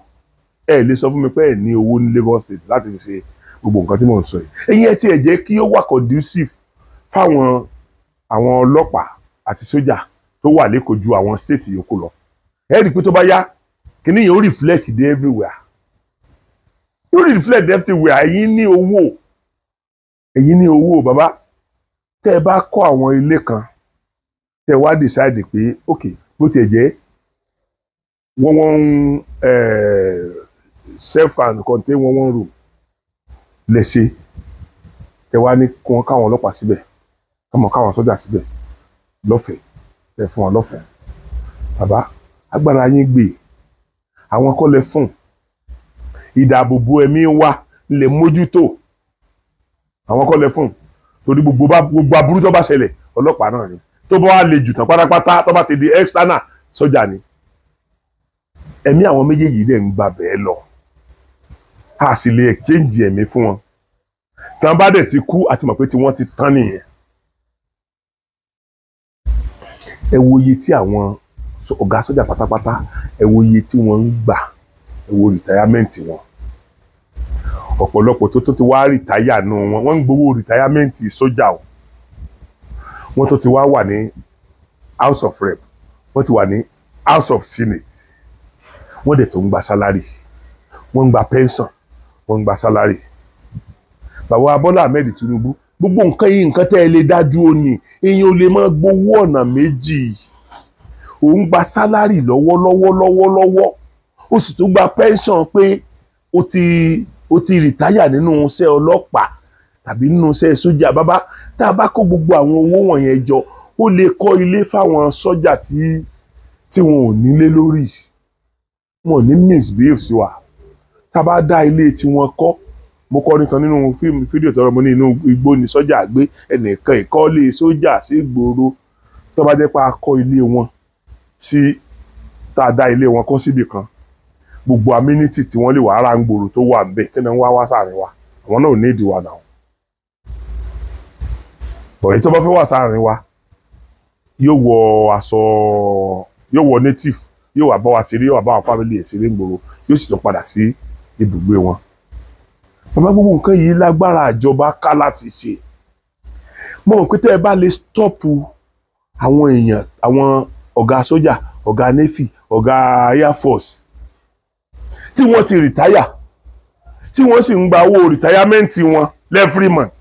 ẹ lè sọ fún mi pé ẹ ní owó ní Lagos State láti fi ṣe gbogbo nǹkan tí mò ń sọ yìí ẹ̀yin ẹ tiẹ̀ jẹ́ kí ó wà conducive fáwọn àwọn ọlọ́pàá àti sójà tó wà lẹ́kọ̀ọ́ ju àwọn state yòókù lọ ẹ rí i pé tó bá yá kíní yẹn ó reflect dé everywhere yóò reflect everywhere ẹ̀yin ní owó ẹ̀yin ní owó bàbá tẹ́ ẹ bá kọ́ àwọn ilé kan tẹ́ ẹ wá decide pé ok bó tiẹ̀ jẹ́ wọ́n wọ́n self and contain wọ́n wọ́n room lẹ́sẹ̀ tẹ́ wá ní kí wọ́n káwọn ọlọ́pàá síbẹ̀ káwọn káwọn sọ́jà síbẹ̀ lọ́fẹ̀ẹ́ ẹ fún wọn lọ́fẹ̀ẹ́ bàbá agbára yín gbé àwọn kọ́ lẹ fún ìdáàbòbò ẹ̀mí wa lè mójútó àwọn kọ́ lẹ fún torí gbogbo gbogbo aburú tó bá ṣẹlẹ̀ ọlọ́pàá náà ni tó bá wà lè jù tán pátápátá tó bá ti di external sójà ni ẹ̀mí àwọn méjèèjì dẹ̀ ń gba bẹ́ẹ̀ lọ a sì lè exchange ẹ̀mí fún wọn tán bá dẹ̀ ti kú àti mọ̀ pé tí wọ́n ti tán nìyẹn ẹ wo iye tí àwọn ọ̀gá sójà pátápátá ẹ wo iye tí wọ́n ń gbà ẹ wo rìtáyámẹ́ǹtì wọn ọ̀pọ̀lọpọ̀ tó tó ti wá rìtáyà nù wọn wọ́n ń gbowó rìtáyámẹ́ǹtì sójà o wọ́n tó ti wá wà ní house of rep wọ́n ti wà ní house of senate wọ́n dẹ̀ tó ń gba sálárì wọ́n ń gba pension wọ́n ń gba sálárì bàbá Bọ́lá Ahmed Tinubu gbogbo nǹkan yìí nǹkan tẹ́ ẹ lè dájú ó ní èèyàn ò lè máa gbowó ọ̀nà méjì yìí ò ń gba sálárì lọ́wọ́lọ́wọ́ lọ́wọ́lọ́wọ́ ó sì tún gba pension pé ó ti ó ti rìtáyà nínú iṣẹ́ ọlọ́pàá tàbí nínú iṣẹ́ sójà bàbá tá a bá kó gbogbo àwọn owó wọ̀nyẹn jọ ó lè kọ́ ilé fáwọn sójà tí tí wọn ò nílé lórí wọn ò ní misbehave sí wa tá a bá dá ilé tí wọ́n kọ́ mo kọrin kan nínú fíìmù fídíò tọrọ mo ní inú igbó ni sójà gbé ẹnìkan ìkọ́lé sójà sí gbòòrò tó bá jẹ́ pa akọ ilé wọn sí tá ilé wọn kó síbì kan gbogbo amínítì tí wọ́n lè wà ara ń gbòòrò tó wà ń kí ni wọ́n wá sáàrin wa àwọn náà ò ní ìdíwà náà bọ̀yìn tó bá fẹ́ wà sáàrin wa yóò wọ aṣọ yóò wọ native yóò wà bá wa ṣeré yóò wà bá wa fámìlì ẹ̀ ṣeré gbòòrò yóò sì tún padà sí ibùgbé wọn bàbá gbogbo nǹkan yìí lágbára àjọba ká láti ṣe mo rò pé tẹ́ ẹ bá lè stọ́pù àwọn èèyàn àwọn ọ̀gá sójà ọ̀gá nefi, ọ̀gá air force tí wọ́n ti rìtáyà tí wọ́n sì ń gba owó rìtáyámẹ́ǹtì wọn every month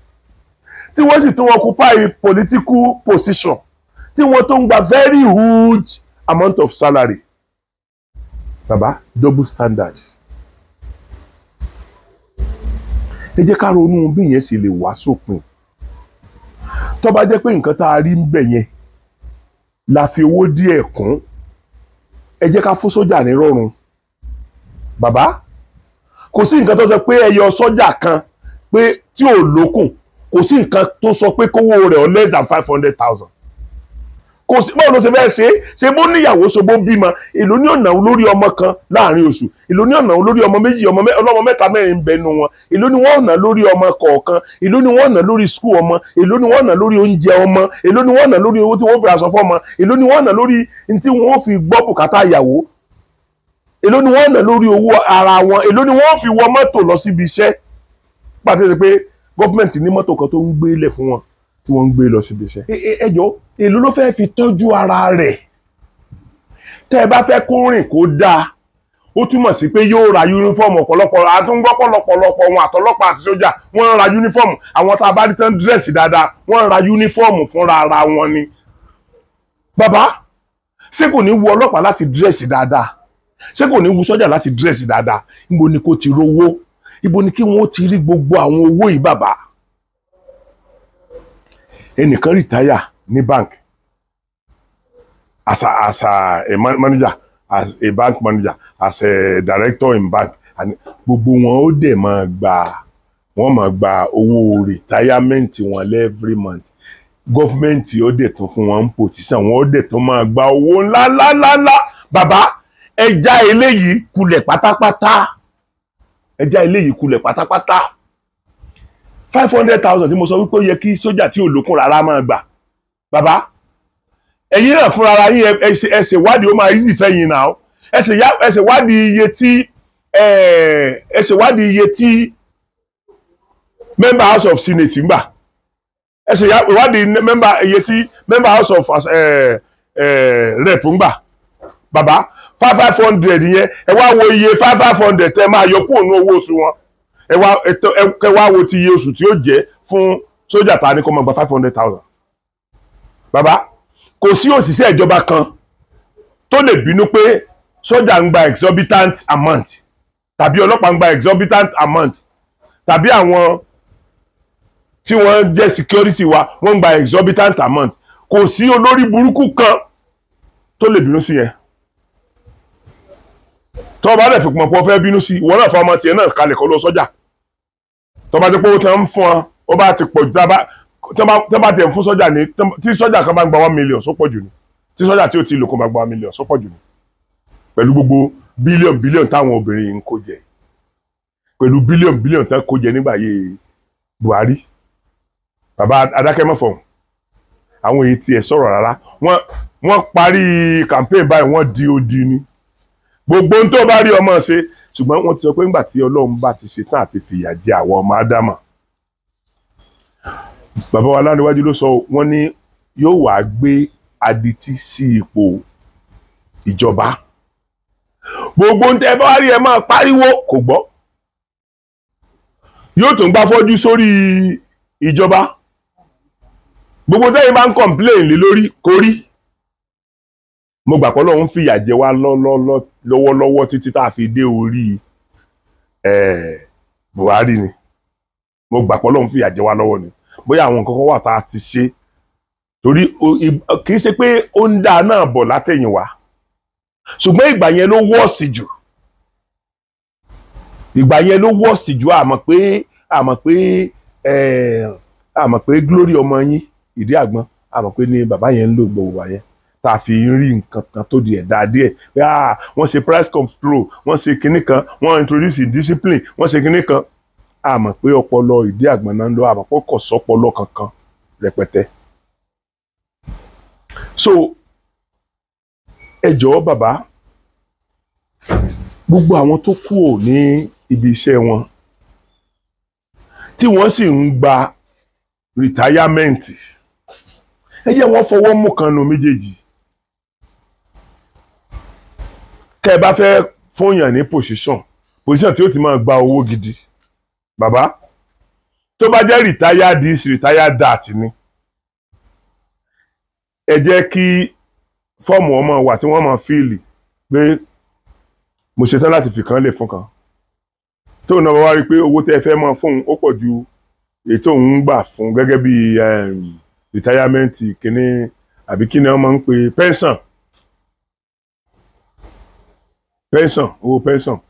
tí wọ́n sì tún occupy political position tí wọ́n tó ń gba very huge amount of salary Baba, double standard ẹ jẹ́ ká ronú bí yẹn sì lè wá sópin tó jẹ́ pé nǹkan tá a rí ń bẹ̀ yẹn la fi owó díẹ̀ kún ẹ jẹ́ ká fún sójà ní rọrùn bàbá kò sí nǹkan tó sọ pé ẹ yọ sójà kan pé tí ò lókùn kò sí nǹkan tó sọ pé kówó rẹ̀ ọ less than five hundred thousand kò sí báwo ló ṣe fẹ́ ṣe ṣe bó níyàwó ṣobó bímọ èló ní ọ̀nà lórí ọmọ kan láàrin oṣù èló ní ọ̀nà lórí ọmọ méjì ọlọ́mọ mẹ́ta mẹ́rin ń bẹnu wọn èló ní wọ́n ọ̀nà lórí ọmọ kọ̀ọ̀kan èló ní wọ́n ọ̀nà lórí skul ọmọ èló ní wọ́n ọ̀nà lórí oúnjẹ ọmọ èló ní wọ́n ọ̀nà lórí owó tí wọ́n fi aṣọ fọ́mọ èló ní wọ́n ọ̀nà lórí ní wọ́n wọ́n fi wọ tí wọ́n ń gbé lọ síbi iṣẹ́. ẹ jọ̀ọ́ èló ló fẹ́ẹ́ fi tọ́jú ara rẹ̀ tẹ́ ẹ bá fẹ́ kó rìn kó dáa ó túmọ̀ sí pé yóò ra yúnífọ́ọ̀mù ọ̀pọ̀lọpọ̀ àtúngbọ́ pọ̀lọpọ̀lọpọ̀ wọn àtọlọ́pàá àti sójà wọ́n ń ra yúnífọ́ọ̀mù àwọn tá a bá rí tán dírẹ́sì dáadáa wọ́n ń ra yúnífọ́ọ̀mù fúnra ara wọn ni. bàbá ṣé kò ní wu ọlọ́pàá láti dírẹ́sì dáadáa ṣé kò ní wu sójà láti dírẹ́sì dáadáa ibo ni kò ti rówó ibo ni kí wọ́n ti rí gbogbo àwọn owó yìí bàbá ẹnìkan rìtáyà ní bank as a as a, manager as a bank manager as a director in bank and gbogbo wọn ó dẹ̀ máa gba wọ́n máa gba owó retirement wọn every month gọ́fúmẹ́ǹtì ó dẹ̀ tún fún wọn pòtísàn wọn ó dẹ̀ tún máa gba owó ńláńláńlá bàbá ẹja eléyìí kulẹ̀ pátápátá ẹja eléyìí kulẹ̀ pátápátá five hundred thousand tí mo sọ wípé ó yẹ kí sójà tí ò lókun rárá máa gbà bàbá ẹ̀yin náà fúnra ara yín ẹ ṣe wádìí ó máa easy fẹ́yìn náà ẹ ṣe wádìí iye tí ẹ ṣe wádìí iye tí member house of senate ń gbà ẹ ṣe wádìí member iye tí member house of eh, eh, rep ń gbà bàbá five five hundred yẹn ẹ wá wo iye five five hundred tẹ máa yọ kúrò ní owó oṣù wọn ẹ wá ẹ wá wo ti iye oṣù tí ó jẹ́ fún sójà ta ni kó máa gba five hundred thousand baba kò sí òṣìṣẹ́ ìjọba kan tó lè bínú pé sójà ń gba exorbitant amount tàbí ọlọ́pàá ń gba exorbitant amount tàbí àwọn tí wọ́n jẹ́ security wa wọ́n gba exorbitant amount kò sí olórí burúkú kan tó lè bínú sí yẹn tó bá dẹ̀ fi pọ̀npọ̀ fẹ́ bínú sí ìwọ náà fọmọ tiẹ̀ náà kalẹ̀ kọ́ lọ sọ́jà tó bá ti pé owó tán ń fún ọ ó bá ti pọ̀ jù tó bá ti fún sọ́jà ní tí sọ́jà kan bá gba one million só pọ̀ jù ní tí sọ́jà tí ó ti lò kan bá gba one million só pọ̀ jù ní pẹ̀lú gbogbo bílíọ̀n bílíọ̀n táwọn obìnrin yìí ń kó jẹ pẹ̀lú bílíọ̀n bílíọ̀n tán kó jẹ nígbà yìí Buhari bàbá adákẹ́mọ̀fọ̀ àwọn èyí tiẹ̀ sọ̀rọ̀ rárá wọ́n parí campaign báyìí wọ́n di odi ni gbogbo ohun tó bá rí ọmọ ṣe ṣùgbọ́n wọ́n ti sọ pé ńgbà tí ọlọ́run bá ti ṣetán àti fìyà jẹ àwọn ọmọ ádámà bàbá wa láníwájú ló sọ wọ́n ní yóò wá gbé adití sí ipò ìjọba gbogbo ń tẹ bá wá rí ẹ máa pariwo kò gbọ́ yóò tún gbá fọ́jú sórí ìjọba gbogbo tẹ́yìn bá ń kọ̀ǹpléèn lé lórí kò rí mo gbà pé Ọlọ́run fìyà jẹ wá lọ́wọ́lọ́wọ́ títí tá a fi dé orí Buhari ni mo gbà pé Ọlọ́run fìyà jẹ wá lọ́wọ́ ni bóyá àwọn nǹkan kan wà tá a ti ṣe torí kì í ṣe pé ó ń dá náà bọ̀ látẹ̀yìnwá ṣùgbọ́n ìgbà yẹn ló wọ́ọ̀sì jù ìgbà yẹn ló wọ́ọ̀sì jù àmọ́ pé àmọ́ pé àmọ́ pé glory ọmọ yín ìdí àgbọn àmọ́ pé ni bàbá yẹn ń lò gbogbo wa tá fi rí nǹkan kan tó di ẹ̀dá díẹ̀ ah, wọ́n ṣe price control wọ́n ṣe kinní kan wọ́n introduce discipline wọ́n ṣe kinní kan àmọ̀ pé ọpọlọ ìdí àgbọn ń lọ àmọ́ pé sọ́pọlọ kankan rẹpẹtẹ. so ẹ jọ̀ọ́ bàbá gbogbo àwọn tó kú ò ní ibi iṣẹ́ wọn tí wọ́n sì ń gba rìtáyámẹ́ǹtì ẹ jẹ́ wọ́n fọwọ́ mú kan nu méjèèjì tẹ́ ẹ bá fẹ́ fóyàn ní position position tí ó ti máa gba owó gidi bàbá tó bá jẹ́ retired is retired dat ni ẹ jẹ́ kí fọ́ọ̀mù ọmọ wà tí wọ́n máa fíìlì pé mo ṣetán láti fìkan lè fún kan tóun náà wá rí i pé owó tẹ́ ẹ fẹ́ máa fóun ó pọ̀ ju èyí tóun ń gbà fún gẹ́gẹ́ bí ehm, rìtáyámẹ́ǹtì kínní àbí kínní wọ́n ń pè pension pension owó pension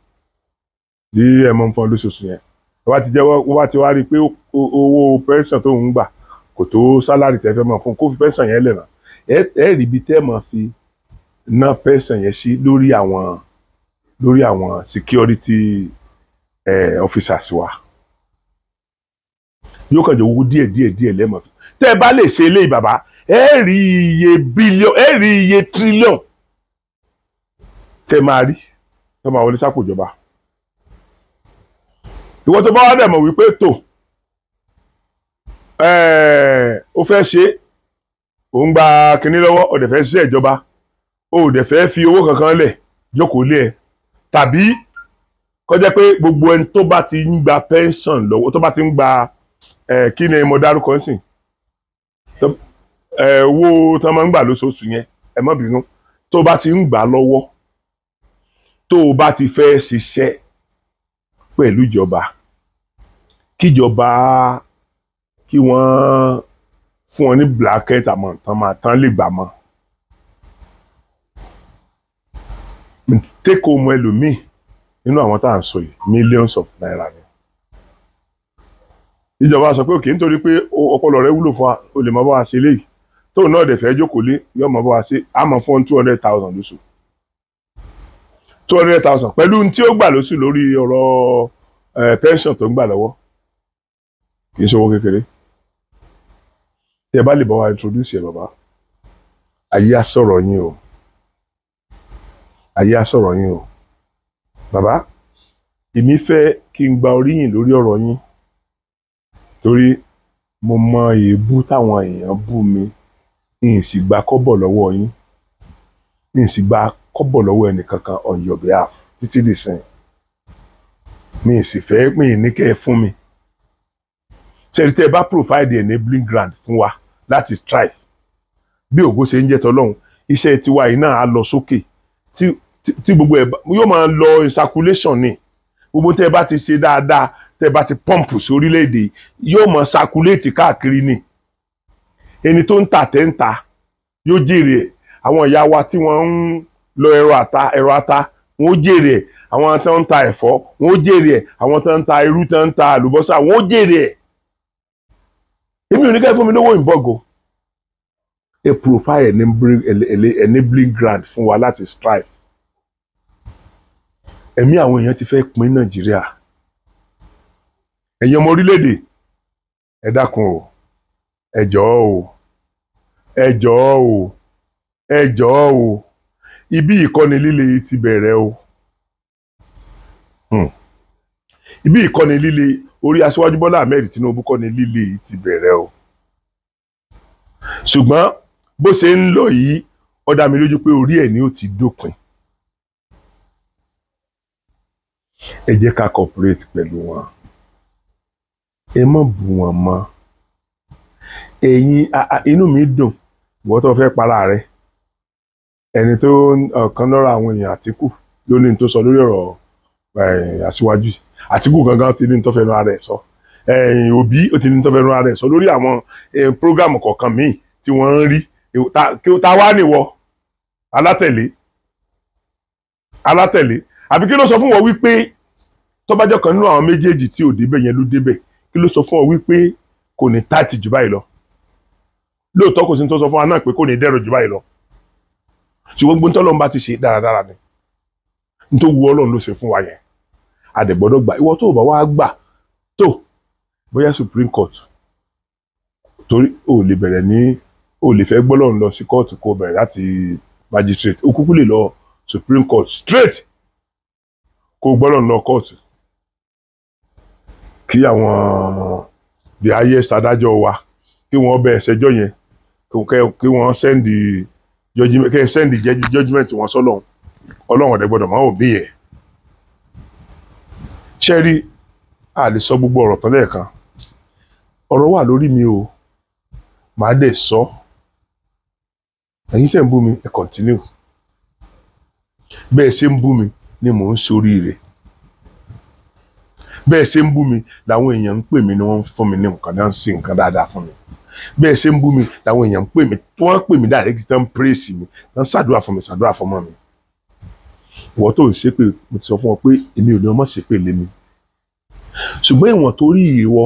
tí ẹ mọ̀ ń fọn lóṣooṣù yẹn wọ́n bá ti jẹ́ wọ́n bá ti wá rí i pé owó pension tó ń gbà kò tó sálárì tẹ́ fẹ́ mọ̀ fún kó fi pension yẹn lẹ̀ náà ẹ rí ibi tẹ́ mọ̀ fi ná pension yẹn sí lórí àwọn lórí àwọn security eh, officers wa yóò kàn jẹ́ owó díẹ̀ díẹ̀ díẹ̀ lẹ́mọ̀ fi tẹ́ ẹ bá lè ṣe eléyìí bàbá ẹ rí iye bílíọ̀n ẹ rí iye tírílíọ̀n tẹ́ máa rí tó máa wọlé sápò ìjọba ìwọ tó bá wá dẹ̀ mọ̀ wípé tò ó fẹ́ ṣe ò ń gba kinní lọ́wọ́ ò dẹ̀ fẹ́ ṣiṣẹ́ ìjọba ò dẹ̀ fẹ́ fi owó kankan lẹ̀ jókòó lé ẹ tàbí kọjá pé gbogbo ẹni tó bá ti ń gba pension lọ́wọ́ tó bá ti ń gba kí ni mo dárúkọ ń sìn owó tó máa ń gbà lóṣooṣù yẹn ẹ má bínú tó bá ti ń gbà lọ́wọ́ tó o bá ti fẹ́ ṣiṣẹ́ pẹ̀lú ìjọba kíjọba kí wọ́n fún ọ ní blanket àmọ́ tán máa tán lè gbà mọ́ take home ẹlòmíì nínú àwọn tá à ń sọ yìí millions of naira ni ìjọba sọ pé òkè nítorí pé ọpọlọ rẹ wúlò fún wa o lè mọ bá wa ṣe léyìí tóun náà dẹ̀ fẹ́ jókòó lé yóò mọ bá wa ṣe àmọ́ fún two hundred thousand lóṣù two hundred thousand pẹ̀lú tí ó gbà lóṣù lórí ọ̀rọ̀ pension tó ń gbà lọ́wọ́ kì í ṣe owó kékeré tí bá lè bá wa introduce ẹ bàbá ayé á sọ̀rọ̀ yín o ayé á sọ̀rọ̀ yín o bàbá èmi fẹ́ kí n gba oríyìn lórí ọ̀rọ̀ yín torí mo mọ èébú táwọn èèyàn bú mi n sì gba kọ́bọ̀ lọ́wọ́ yín n sì gba kọ́bọ̀ lọ́wọ́ ẹnìkankan on your behalf títí di sìn mi ì sì fẹ́ pín in ní kẹ́ ẹ fún mi ṣẹ́ni tẹ́ ẹ bá provide enabling grant fún wa láti strive bí ògo ṣe ń jẹ́ tọ́lọ́hún iṣẹ́ tiwa yìí náà á lọ sókè tí gbogbo ẹ̀ yóò máa lọ in circulation ni gbogbo tẹ́ ẹ bá ti ṣe dáadáa tẹ́ ẹ bá ti pọ́ǹpù sí orílẹ̀-èdè yóò máa circulate káàkiri ni ẹni tó ń tà tẹ́ ń ta yóò jèrè ẹ̀ àwọn ìyá wa tí wọ́n ń Lo ẹ̀rọ ata ẹ̀rọ ata wọn ó jèrè ẹ̀ àwọn tó ń ta ẹ̀fọ́ wọn ó jèrè ẹ̀ àwọn tó ń ta irú tó ń ta àlùbọ́sà wọn ó jèrè ẹ̀ èmi ò ní kẹ́ fún mi lówó ìbọ̀gọ̀ a profile enabling, enabling grant fún wa láti strive ẹ̀mí àwọn èèyàn ti fẹ́ pín nàìjíríà ẹ̀yin ọmọ orílẹ̀-èdè ẹ dákun o ẹ jọ̀ọ́ o ẹ jọ̀ọ́ o ẹ jọ̀ọ́ o ibi ìkọ́ni líle yìí ti bẹ̀rẹ̀ o hmm. ibi ìkọ́ni líle orí aṣíwájú Bọ́lá Ahmed Tinubu kọ́ni líle yìí ti bẹ̀rẹ̀ o ṣùgbọ́n bó ṣe ń lọ yìí ó dá mi lójú pé orí ẹ̀ ni ó ti dópin ẹ jẹ́ ká cooperate pẹ̀lú wọn ẹ má bù wọ́n mọ́ ẹ̀yin inú mi dùn ìwọ tó fẹ́ para rẹ̀ ẹni tó ọ̀kan lọ́ra àwọn èèyàn àtìkù ló ní tó sọ lórí ọ̀rọ̀ eh, aṣíwájú àtìkù gangan ti ní tó fẹnu ara ẹ̀ sọ eh, òbí ó ti ní tó fẹnu ara ẹ̀ sọ lórí àwọn eh, program kọ̀ọ̀kan míì tí wọ́n ń rí ta wá nìwọ alátẹ̀lé alátẹ̀lé àbí kí ló sọ fún wọn wípé tó bá jẹ́ kan nínú àwọn méjèèjì tí ò débẹ̀ yẹn ló débẹ̀ kí ló sọ fún ọ wípé kò ní táàtì jù báyìí lọ lóòótọ́ kò sí ní tó sọ fún wa náà pé kò ní dẹ̀rọ̀ jù báyìí lọ ṣùgbọ́n gbogbo tọ́lọ́run bá ti ṣe dáradára ni nítorí wu ọlọ́run ló ṣe fún wa yẹn àdẹ̀gbọ́dọ̀ gbà ìwọ tó bá wá gbà tó bóyá supreme court torí o lè bẹ̀rẹ̀ ní o lè fẹ́ gbọ́lọ́run lọ sí kóòtù kó bẹ̀rẹ̀ láti magistrate o kúkú lè lọ supreme court straight kó gbọ́lọ́run lọ kóòtù kí àwọn the highest adájọ́ wa kí wọ́n bẹ̀ ẹ̀ṣẹ́jọ́ yẹn kí wọ́n sẹ́ndì judgment kẹ́ ẹ the judgment wọn sọ́lọ́run ọlọ́run ọ̀dẹ gbọ́dọ̀ máa ò bí yẹn ṣe rí a lè sọ gbogbo ọ̀rọ̀ tán lẹ́ẹ̀kan ọ̀rọ̀ wà lórí mi o màá dẹ̀ sọ ẹ̀yin tẹ̀ ń bú mi ẹ̀ continue bẹ́ẹ̀ ṣe ń bú mi ni mò ń ṣoríire bẹ́ẹ̀ ṣe ń bú mi làwọn èèyàn ń pè mí ni wọ́n ń fún mi ní nǹkan náà ń ṣe nǹkan dáadáa fún mi bẹ́ẹ̀ ṣe ń bú mi làwọn èèyàn ń pè mí tí wọ́n ń pè mí direct tán ń praise mi tán ń ṣàdúrà fún mi ṣàdúrà fún ọmọ mi ìwọ tó ń ṣépè mo ti sọ fún ọ pé èmi ò ní ọmọ ṣépè lé mi ṣùgbọ́n ìwọ̀n tó rí ìwọ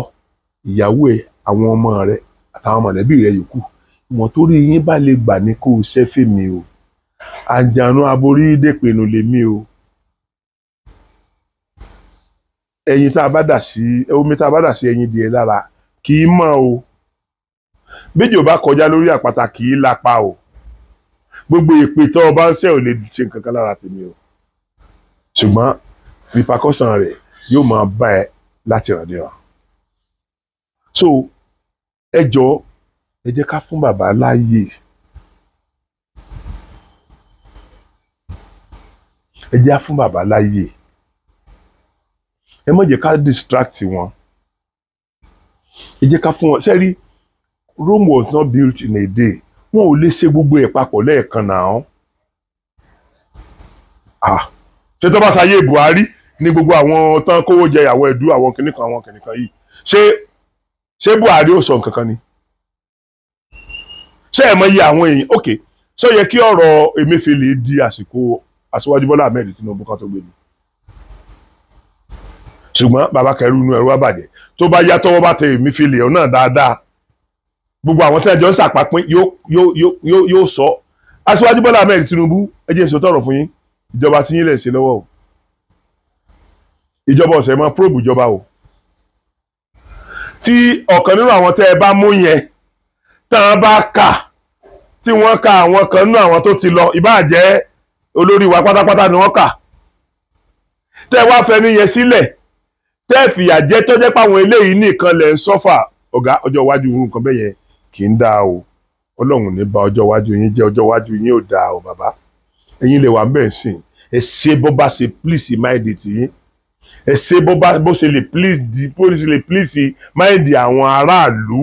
ìyàwó ẹ àwọn ọmọ rẹ àtàwọn mọ̀lẹ́bí rẹ yòókù ìwọ̀n tó rí yín bá lè gbà ní kó o ṣẹ́fẹ̀ mi o àjànú aborí dèpinnu lèmi o ẹyin tá a bá dà sí omi tá a bá dà sí ẹyin díẹ̀ lára kì í mọ o méjì ò bá kọjá lórí àpáta kì í lápá o gbogbo èpè tó o bá ń ṣe ò lè ṣe nǹkan kan lára tèmi o ṣùgbọ́n repercussion rẹ̀ yóò máa bá ẹ láti ràn níran so ẹ jọ ẹ jẹ́ ká fún bàbá láàyè ẹ jẹ́ á fún bàbá láàyè ẹ má jẹ́ ká distract wọn ẹ jẹ́ ká fún wọn ṣe Rome was not built in a day wọn ò lè ṣe gbogbo ẹ̀ papọ̀ lẹ́ẹ̀kan náà ah ṣé tó bá ṣayé Buhari ní gbogbo àwọn tán kówó jẹ ìyàwó ẹdú àwọn kìnnìkan àwọn kìnnìkan yìí ṣé ṣé Buhari ò sọ nǹkan kan ni ṣé ẹ̀ mọ iye àwọn èèyàn ok ṣó yẹ kí ọ̀rọ̀ Emefiele di àsìkò Aṣíwájú Bọ́lá Ahmed Tinubu kan tó gbé ni ṣùgbọ́n bàbá kẹrù inú ẹ̀rọ àbàjẹ́ tó bá yá tọwọ́ bá tẹ Emefiele ọ̀ náà dáadáa gbogbo àwọn tẹ́lẹ̀ jọ ń sàpapín yóò sọ aṣíwájú bọ́lá ahmed tinubu ẹ jẹ́ ìṣòtọ́ ọ̀rọ̀ fún yín ìjọba tí yín lè ṣe lọ́wọ́ o ìjọba ọ̀sẹ̀ mọ́ probe ìjọba o tí ọ̀kan nínú àwọn tẹ́ ẹ bá mú yẹn tán bá kà tí wọ́n ka àwọn kan nínú àwọn tó ti lọ ìbáà jẹ́ olórí wa pátápátá ni wọ́n kà tẹ́ wá fẹnu yẹn sílẹ̀ tẹ́ fìyà jẹ tó jẹ́ páwọn eléyìí nìkan lẹ̀ ń sọ́fà ọ̀gá ọjọ́ iwájú nǹkan bẹ́ẹ̀ yẹn kì í dáa o ọlọ́run ní ba ọjọ́ iwájú yín jẹ́ ọjọ́ iwájú yín ò dáa o bàbá ẹ̀yin lè wà bẹ́ẹ̀ sìn ẹ ṣe bó bá ṣe please mind it yín ẹ ṣe bó bá bó ṣe lè please di bó ṣe lè please mind àwọn aráàlú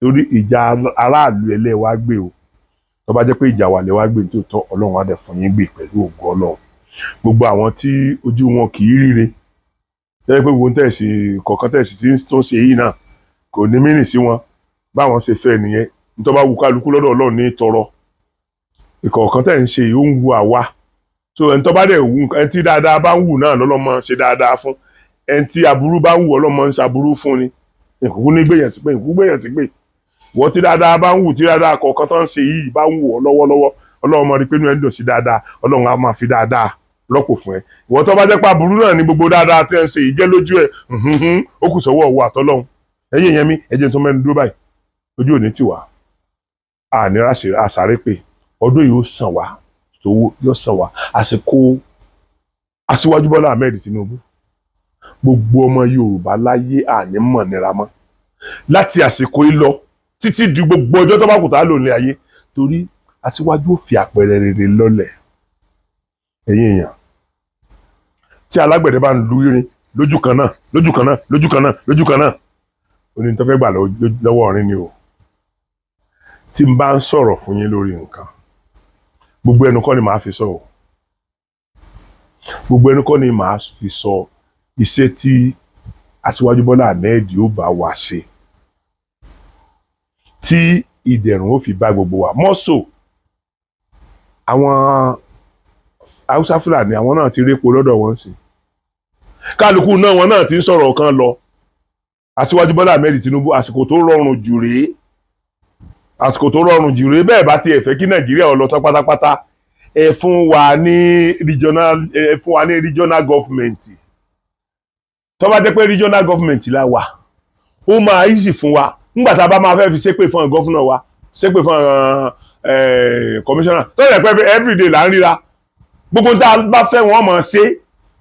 torí ìjà aráàlú ẹlẹ́wàá gbé o tó bá jẹ́ pé ìjà wà lẹ́wàá gbé tó tọ́ ọlọ́run á dẹ̀ fún yín gbé pẹ̀lú ògo ọlọ́run gbogbo àwọn tí ojú wọn kì í ríre tẹ́lẹ̀ pé gbogbo tẹ̀sí kọ̀ọ̀kan tẹ̀sí tí ń tó ṣe yìí náà kò ní mí nì sí wọn báwọn ṣe fẹ́ nìyẹn nítorí bá wù kálukú lọ́dọ̀ ọlọ́run ní tọrọ ìkọ̀ọ̀kan tẹ̀ ń ṣe yìí ó ń wu àwa so ẹni tó bá dẹ̀ wù ẹni tí dáadáa bá ń wù náà lọ́lọ́mọ ṣe dáadáa fún ẹni tí aburú bá ń wù ọlọ́mọ ń ṣaburú fún ni ìkùkù ní gbèyàn ti pé ìkùkù gbèyàn ti pé wọ́n tí dáadáa bá ń wù tí dáadáa kọ̀ọ̀kan tó ń ṣe yìí bá ń wù ọ lọ́wọ́lọ́wọ́ ọlọ́run máa rí pé inú ẹ̀ ń dáadáa ọlọ́run á máa fi dáadáa rọ́pò fún ẹ ojú òní tì wá ànírà àsáré pé ọdún yìí ó sàn wá tówó yóò sàn wá àsìkò aṣíwájú Bọ́lá Ahmed Tinubu gbogbo ọmọ Yorùbá láyé àní mọ̀ nira mọ́ láti àsìkò yìí lọ títí di gbogbo ọjọ́ tó bá kù tá a lò ní ayé torí aṣíwájú ò fi àpẹẹrẹ rere lọ́lẹ̀ ẹ̀yin èèyàn tí alágbẹ̀dẹ bá ń lu irin lójú kan náà lójú kan náà lójú kan náà lójú gbà lọ́wọ́ ọ̀rin ni o tí n bá ń sọ̀rọ̀ fún yín lórí nǹkan gbogbo ẹnu kọ́ ni màá fi sọ̀rọ̀ gbogbo ẹnu kọ́ ni màá fi sọ iṣẹ́ tí aṣíwájú Bọ́lá Ahmed yóò bá wa ṣe tí ìdẹ̀rùn ó fi bá gbogbo wa mọ́sọ̀ àwọn haúsá fúlàní àwọn náà ti répo lọ́dọ̀ wọn sí kálukú náà wọn náà ti ń sọ̀rọ̀ kan lọ aṣíwájú Bọ́lá Ahmed Tinubu àsìkò tó rọrùn jù rèé àsìkò tó rọrùn jù rèé bẹ́ẹ̀ bá tiẹ̀ fẹ́ kí nàìjíríà ọlọ́tọ́ pátápátá ẹ fún wa ní regional ẹ fún wa ní regional government tó bá jẹ́ pé regional government la wà ó máa easy fún wa nígbà tá a bá máa fẹ́ fi ṣépè fún gọ́fúnà wa ṣépè fún kọmíṣánná tó yẹ pé everyday là ń ríra gbogbo tá a bá fẹ́ wọn máa ṣe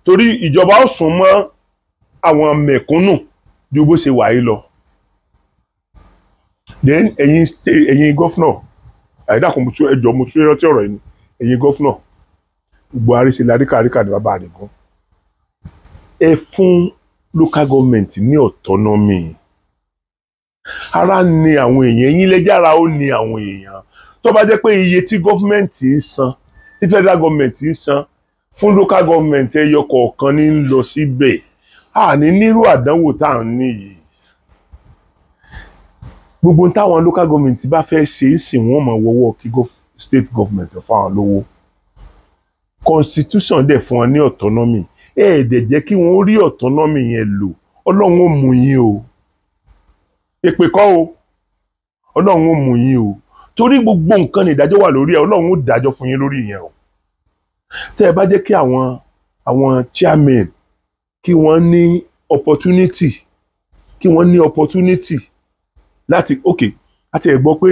torí ìjọba ó sún mọ́ àwọn mẹ̀kúnnù ju bó ṣe wà yìí lọ then ẹ̀yin ẹ̀yin gọ́fúnà àìdàkùn ẹjọ́ mo tún rántí ọ̀rọ̀ yìí ẹ̀yin gọ́fúnà Buhari ṣe láríkàríkà ní bàbá àdìgún ẹ fún local government ní autonomy ara ni àwọn èèyàn ẹ̀yin lẹ́jára ó ni àwọn èèyàn tó bá jẹ́ pé iye tí gọ́fúmẹ̀ntì ń san tí federal government ń san fún local government ẹyọ kọ̀ọ̀kan ní ń lọ síbẹ̀ àní nírú àdánwò tá à ń ní gbogbo táwọn local government bá fẹ́ ṣe é sìn wọ́n mọ̀ wọ́wọ́ kí state government fáwọn lówó constitution dẹ̀ fún wọn ní autonomy ẹ ẹ̀ dẹ̀ jẹ́ kí wọ́n rí autonomy yẹn lò ọlọ́run ó mú yín o èpè kọ́ o ọlọ́run ó mú yín o torí gbogbo nǹkan ní ìdájọ́ wà lórí ẹ ọlọ́run ó dájọ́ fún yín lórí ìyẹn o tẹ́ ẹ bá jẹ́ kí àwọn àwọn chairman kí wọ́n ní opportunity kí wọ́n ní opportunity láti òkè àti ẹ̀gbọ́ pé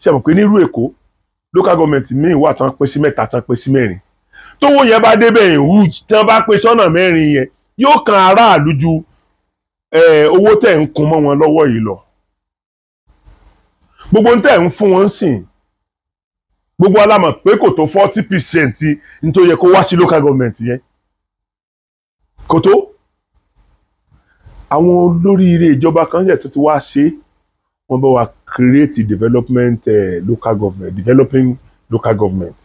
ṣe mọ̀ pé nírú èkó local government míì wà tán pín sí mẹ́ta tán pín sí mẹ́rin tówó yẹn bá débẹ̀ yẹn huge tí wọ́n bá pín sọ́nà mẹ́rin yẹn yóò kan aráàlú ju owó tẹ̀ ń kun mọ́ wọn lọ́wọ́ yìí lọ gbogbo ń tẹ̀ ń fún wọn sìn gbogbo alámọ̀ pé kò tó forty percent ní tó yẹ kó wá sí local government yẹn kò tó àwọn olóríire ìjọba kan yẹ tó ti wá ṣe é wọ́n bá wa create development uh, local government developing local government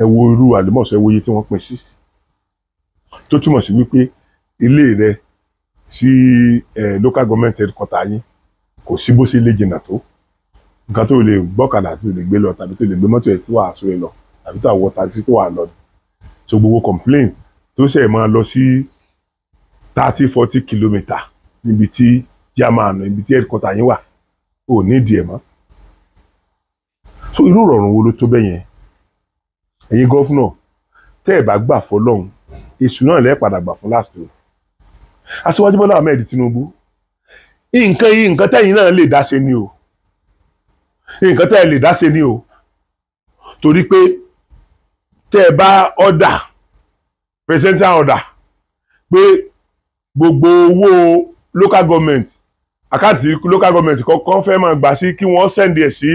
ẹ wo irú àlùmọ̀ọ́sọ ẹ wo iye tí wọ́n pín sí tó túmọ̀ sí wípé ilé rẹ sí local government headquarter yín kò sí bó ṣe lè jìnnà tó nǹkan tó lè gbọ́kàdà tó lè gbé lọ tàbí tó lè gbé mọ́tò ẹ̀ tó wà aṣọ ẹ̀ lọ tàbí tó àwọ̀ taxi tó wà lọ so gbogbo complain tó ṣe máa lọ sí thirty forty kilometre níbi tí jámánù ibi tí headquarter yín wà ò ní ìdí ẹ̀ mọ́ so irú ìrọ̀rùn wo ló tó bẹ́ẹ̀ yẹn ẹ̀yin gọ́fúnà tẹ́ ẹ̀ bá gbà fọlọ́hún èṣù náà lẹ́ẹ̀ padà gbà fún last year aṣíwájú bọ́lá ahmed tinubu nǹkan yìí nǹkan tẹ́yìn náà lè dá ṣe ni o nǹkan tẹ́ lè dá ṣe ni o torí pé tẹ́ ẹ bá ọ̀dà presidential order pé gbogbo owó local government àkáǹtì local government kọ́kọ́ fẹ́ máa gbà sí kí wọ́n send ẹ̀ sí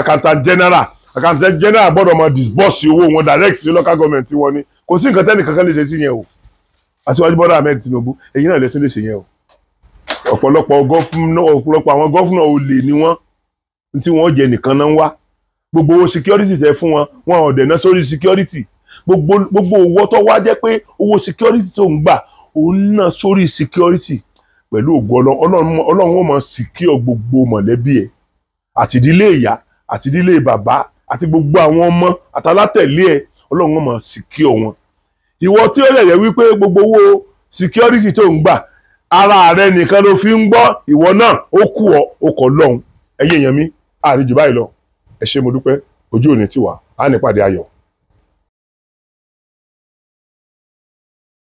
accountant general accountant general gbọ́dọ̀ máa disburse owó wọn direct sí local government wọn ni kò sí nǹkan tẹ́nìkankan lè ṣe sí yẹn o àtiwájú Bọ́lá Ahmed Tinubu èyí náà lè tún lè ṣe yẹn o ọ̀pọ̀lọpọ̀ ọ̀pọ̀lọpọ̀ àwọn gọ́fúnà olè ni wọ́n tí wọ́n jẹ nìkan náà ń wá gbogbo owó security tẹ fún wọn wọn ò dẹ̀ ná sórí security gbogbo owó tó wá jẹ́ pé owó security tó ń gbà òun náà sórí security pẹ̀lú ògo ọlọ́run ọlọ́run ó mọ̀ sí kí ọ gbogbo mọ̀lẹ́bí ẹ̀ àti ìdílé ìyá àti ìdílé bàbá àti gbogbo àwọn ọmọ àtàlátẹ̀lé ẹ̀ ọlọ́run ó mọ̀ sí kí ọ wọn. ìwọ tí ó yẹ̀yẹ̀ wípé gbogbo owó security tó ń gbà ara rẹ nìkan ló fi ń gbọ́ ìwọ náà ó kù ọ ó kọ lọ́hùn ẹ̀yẹ̀ yẹn mi àríjù báyìí lọ ẹ ṣé mo dúpẹ́ ojú òní tiwa á nípàdé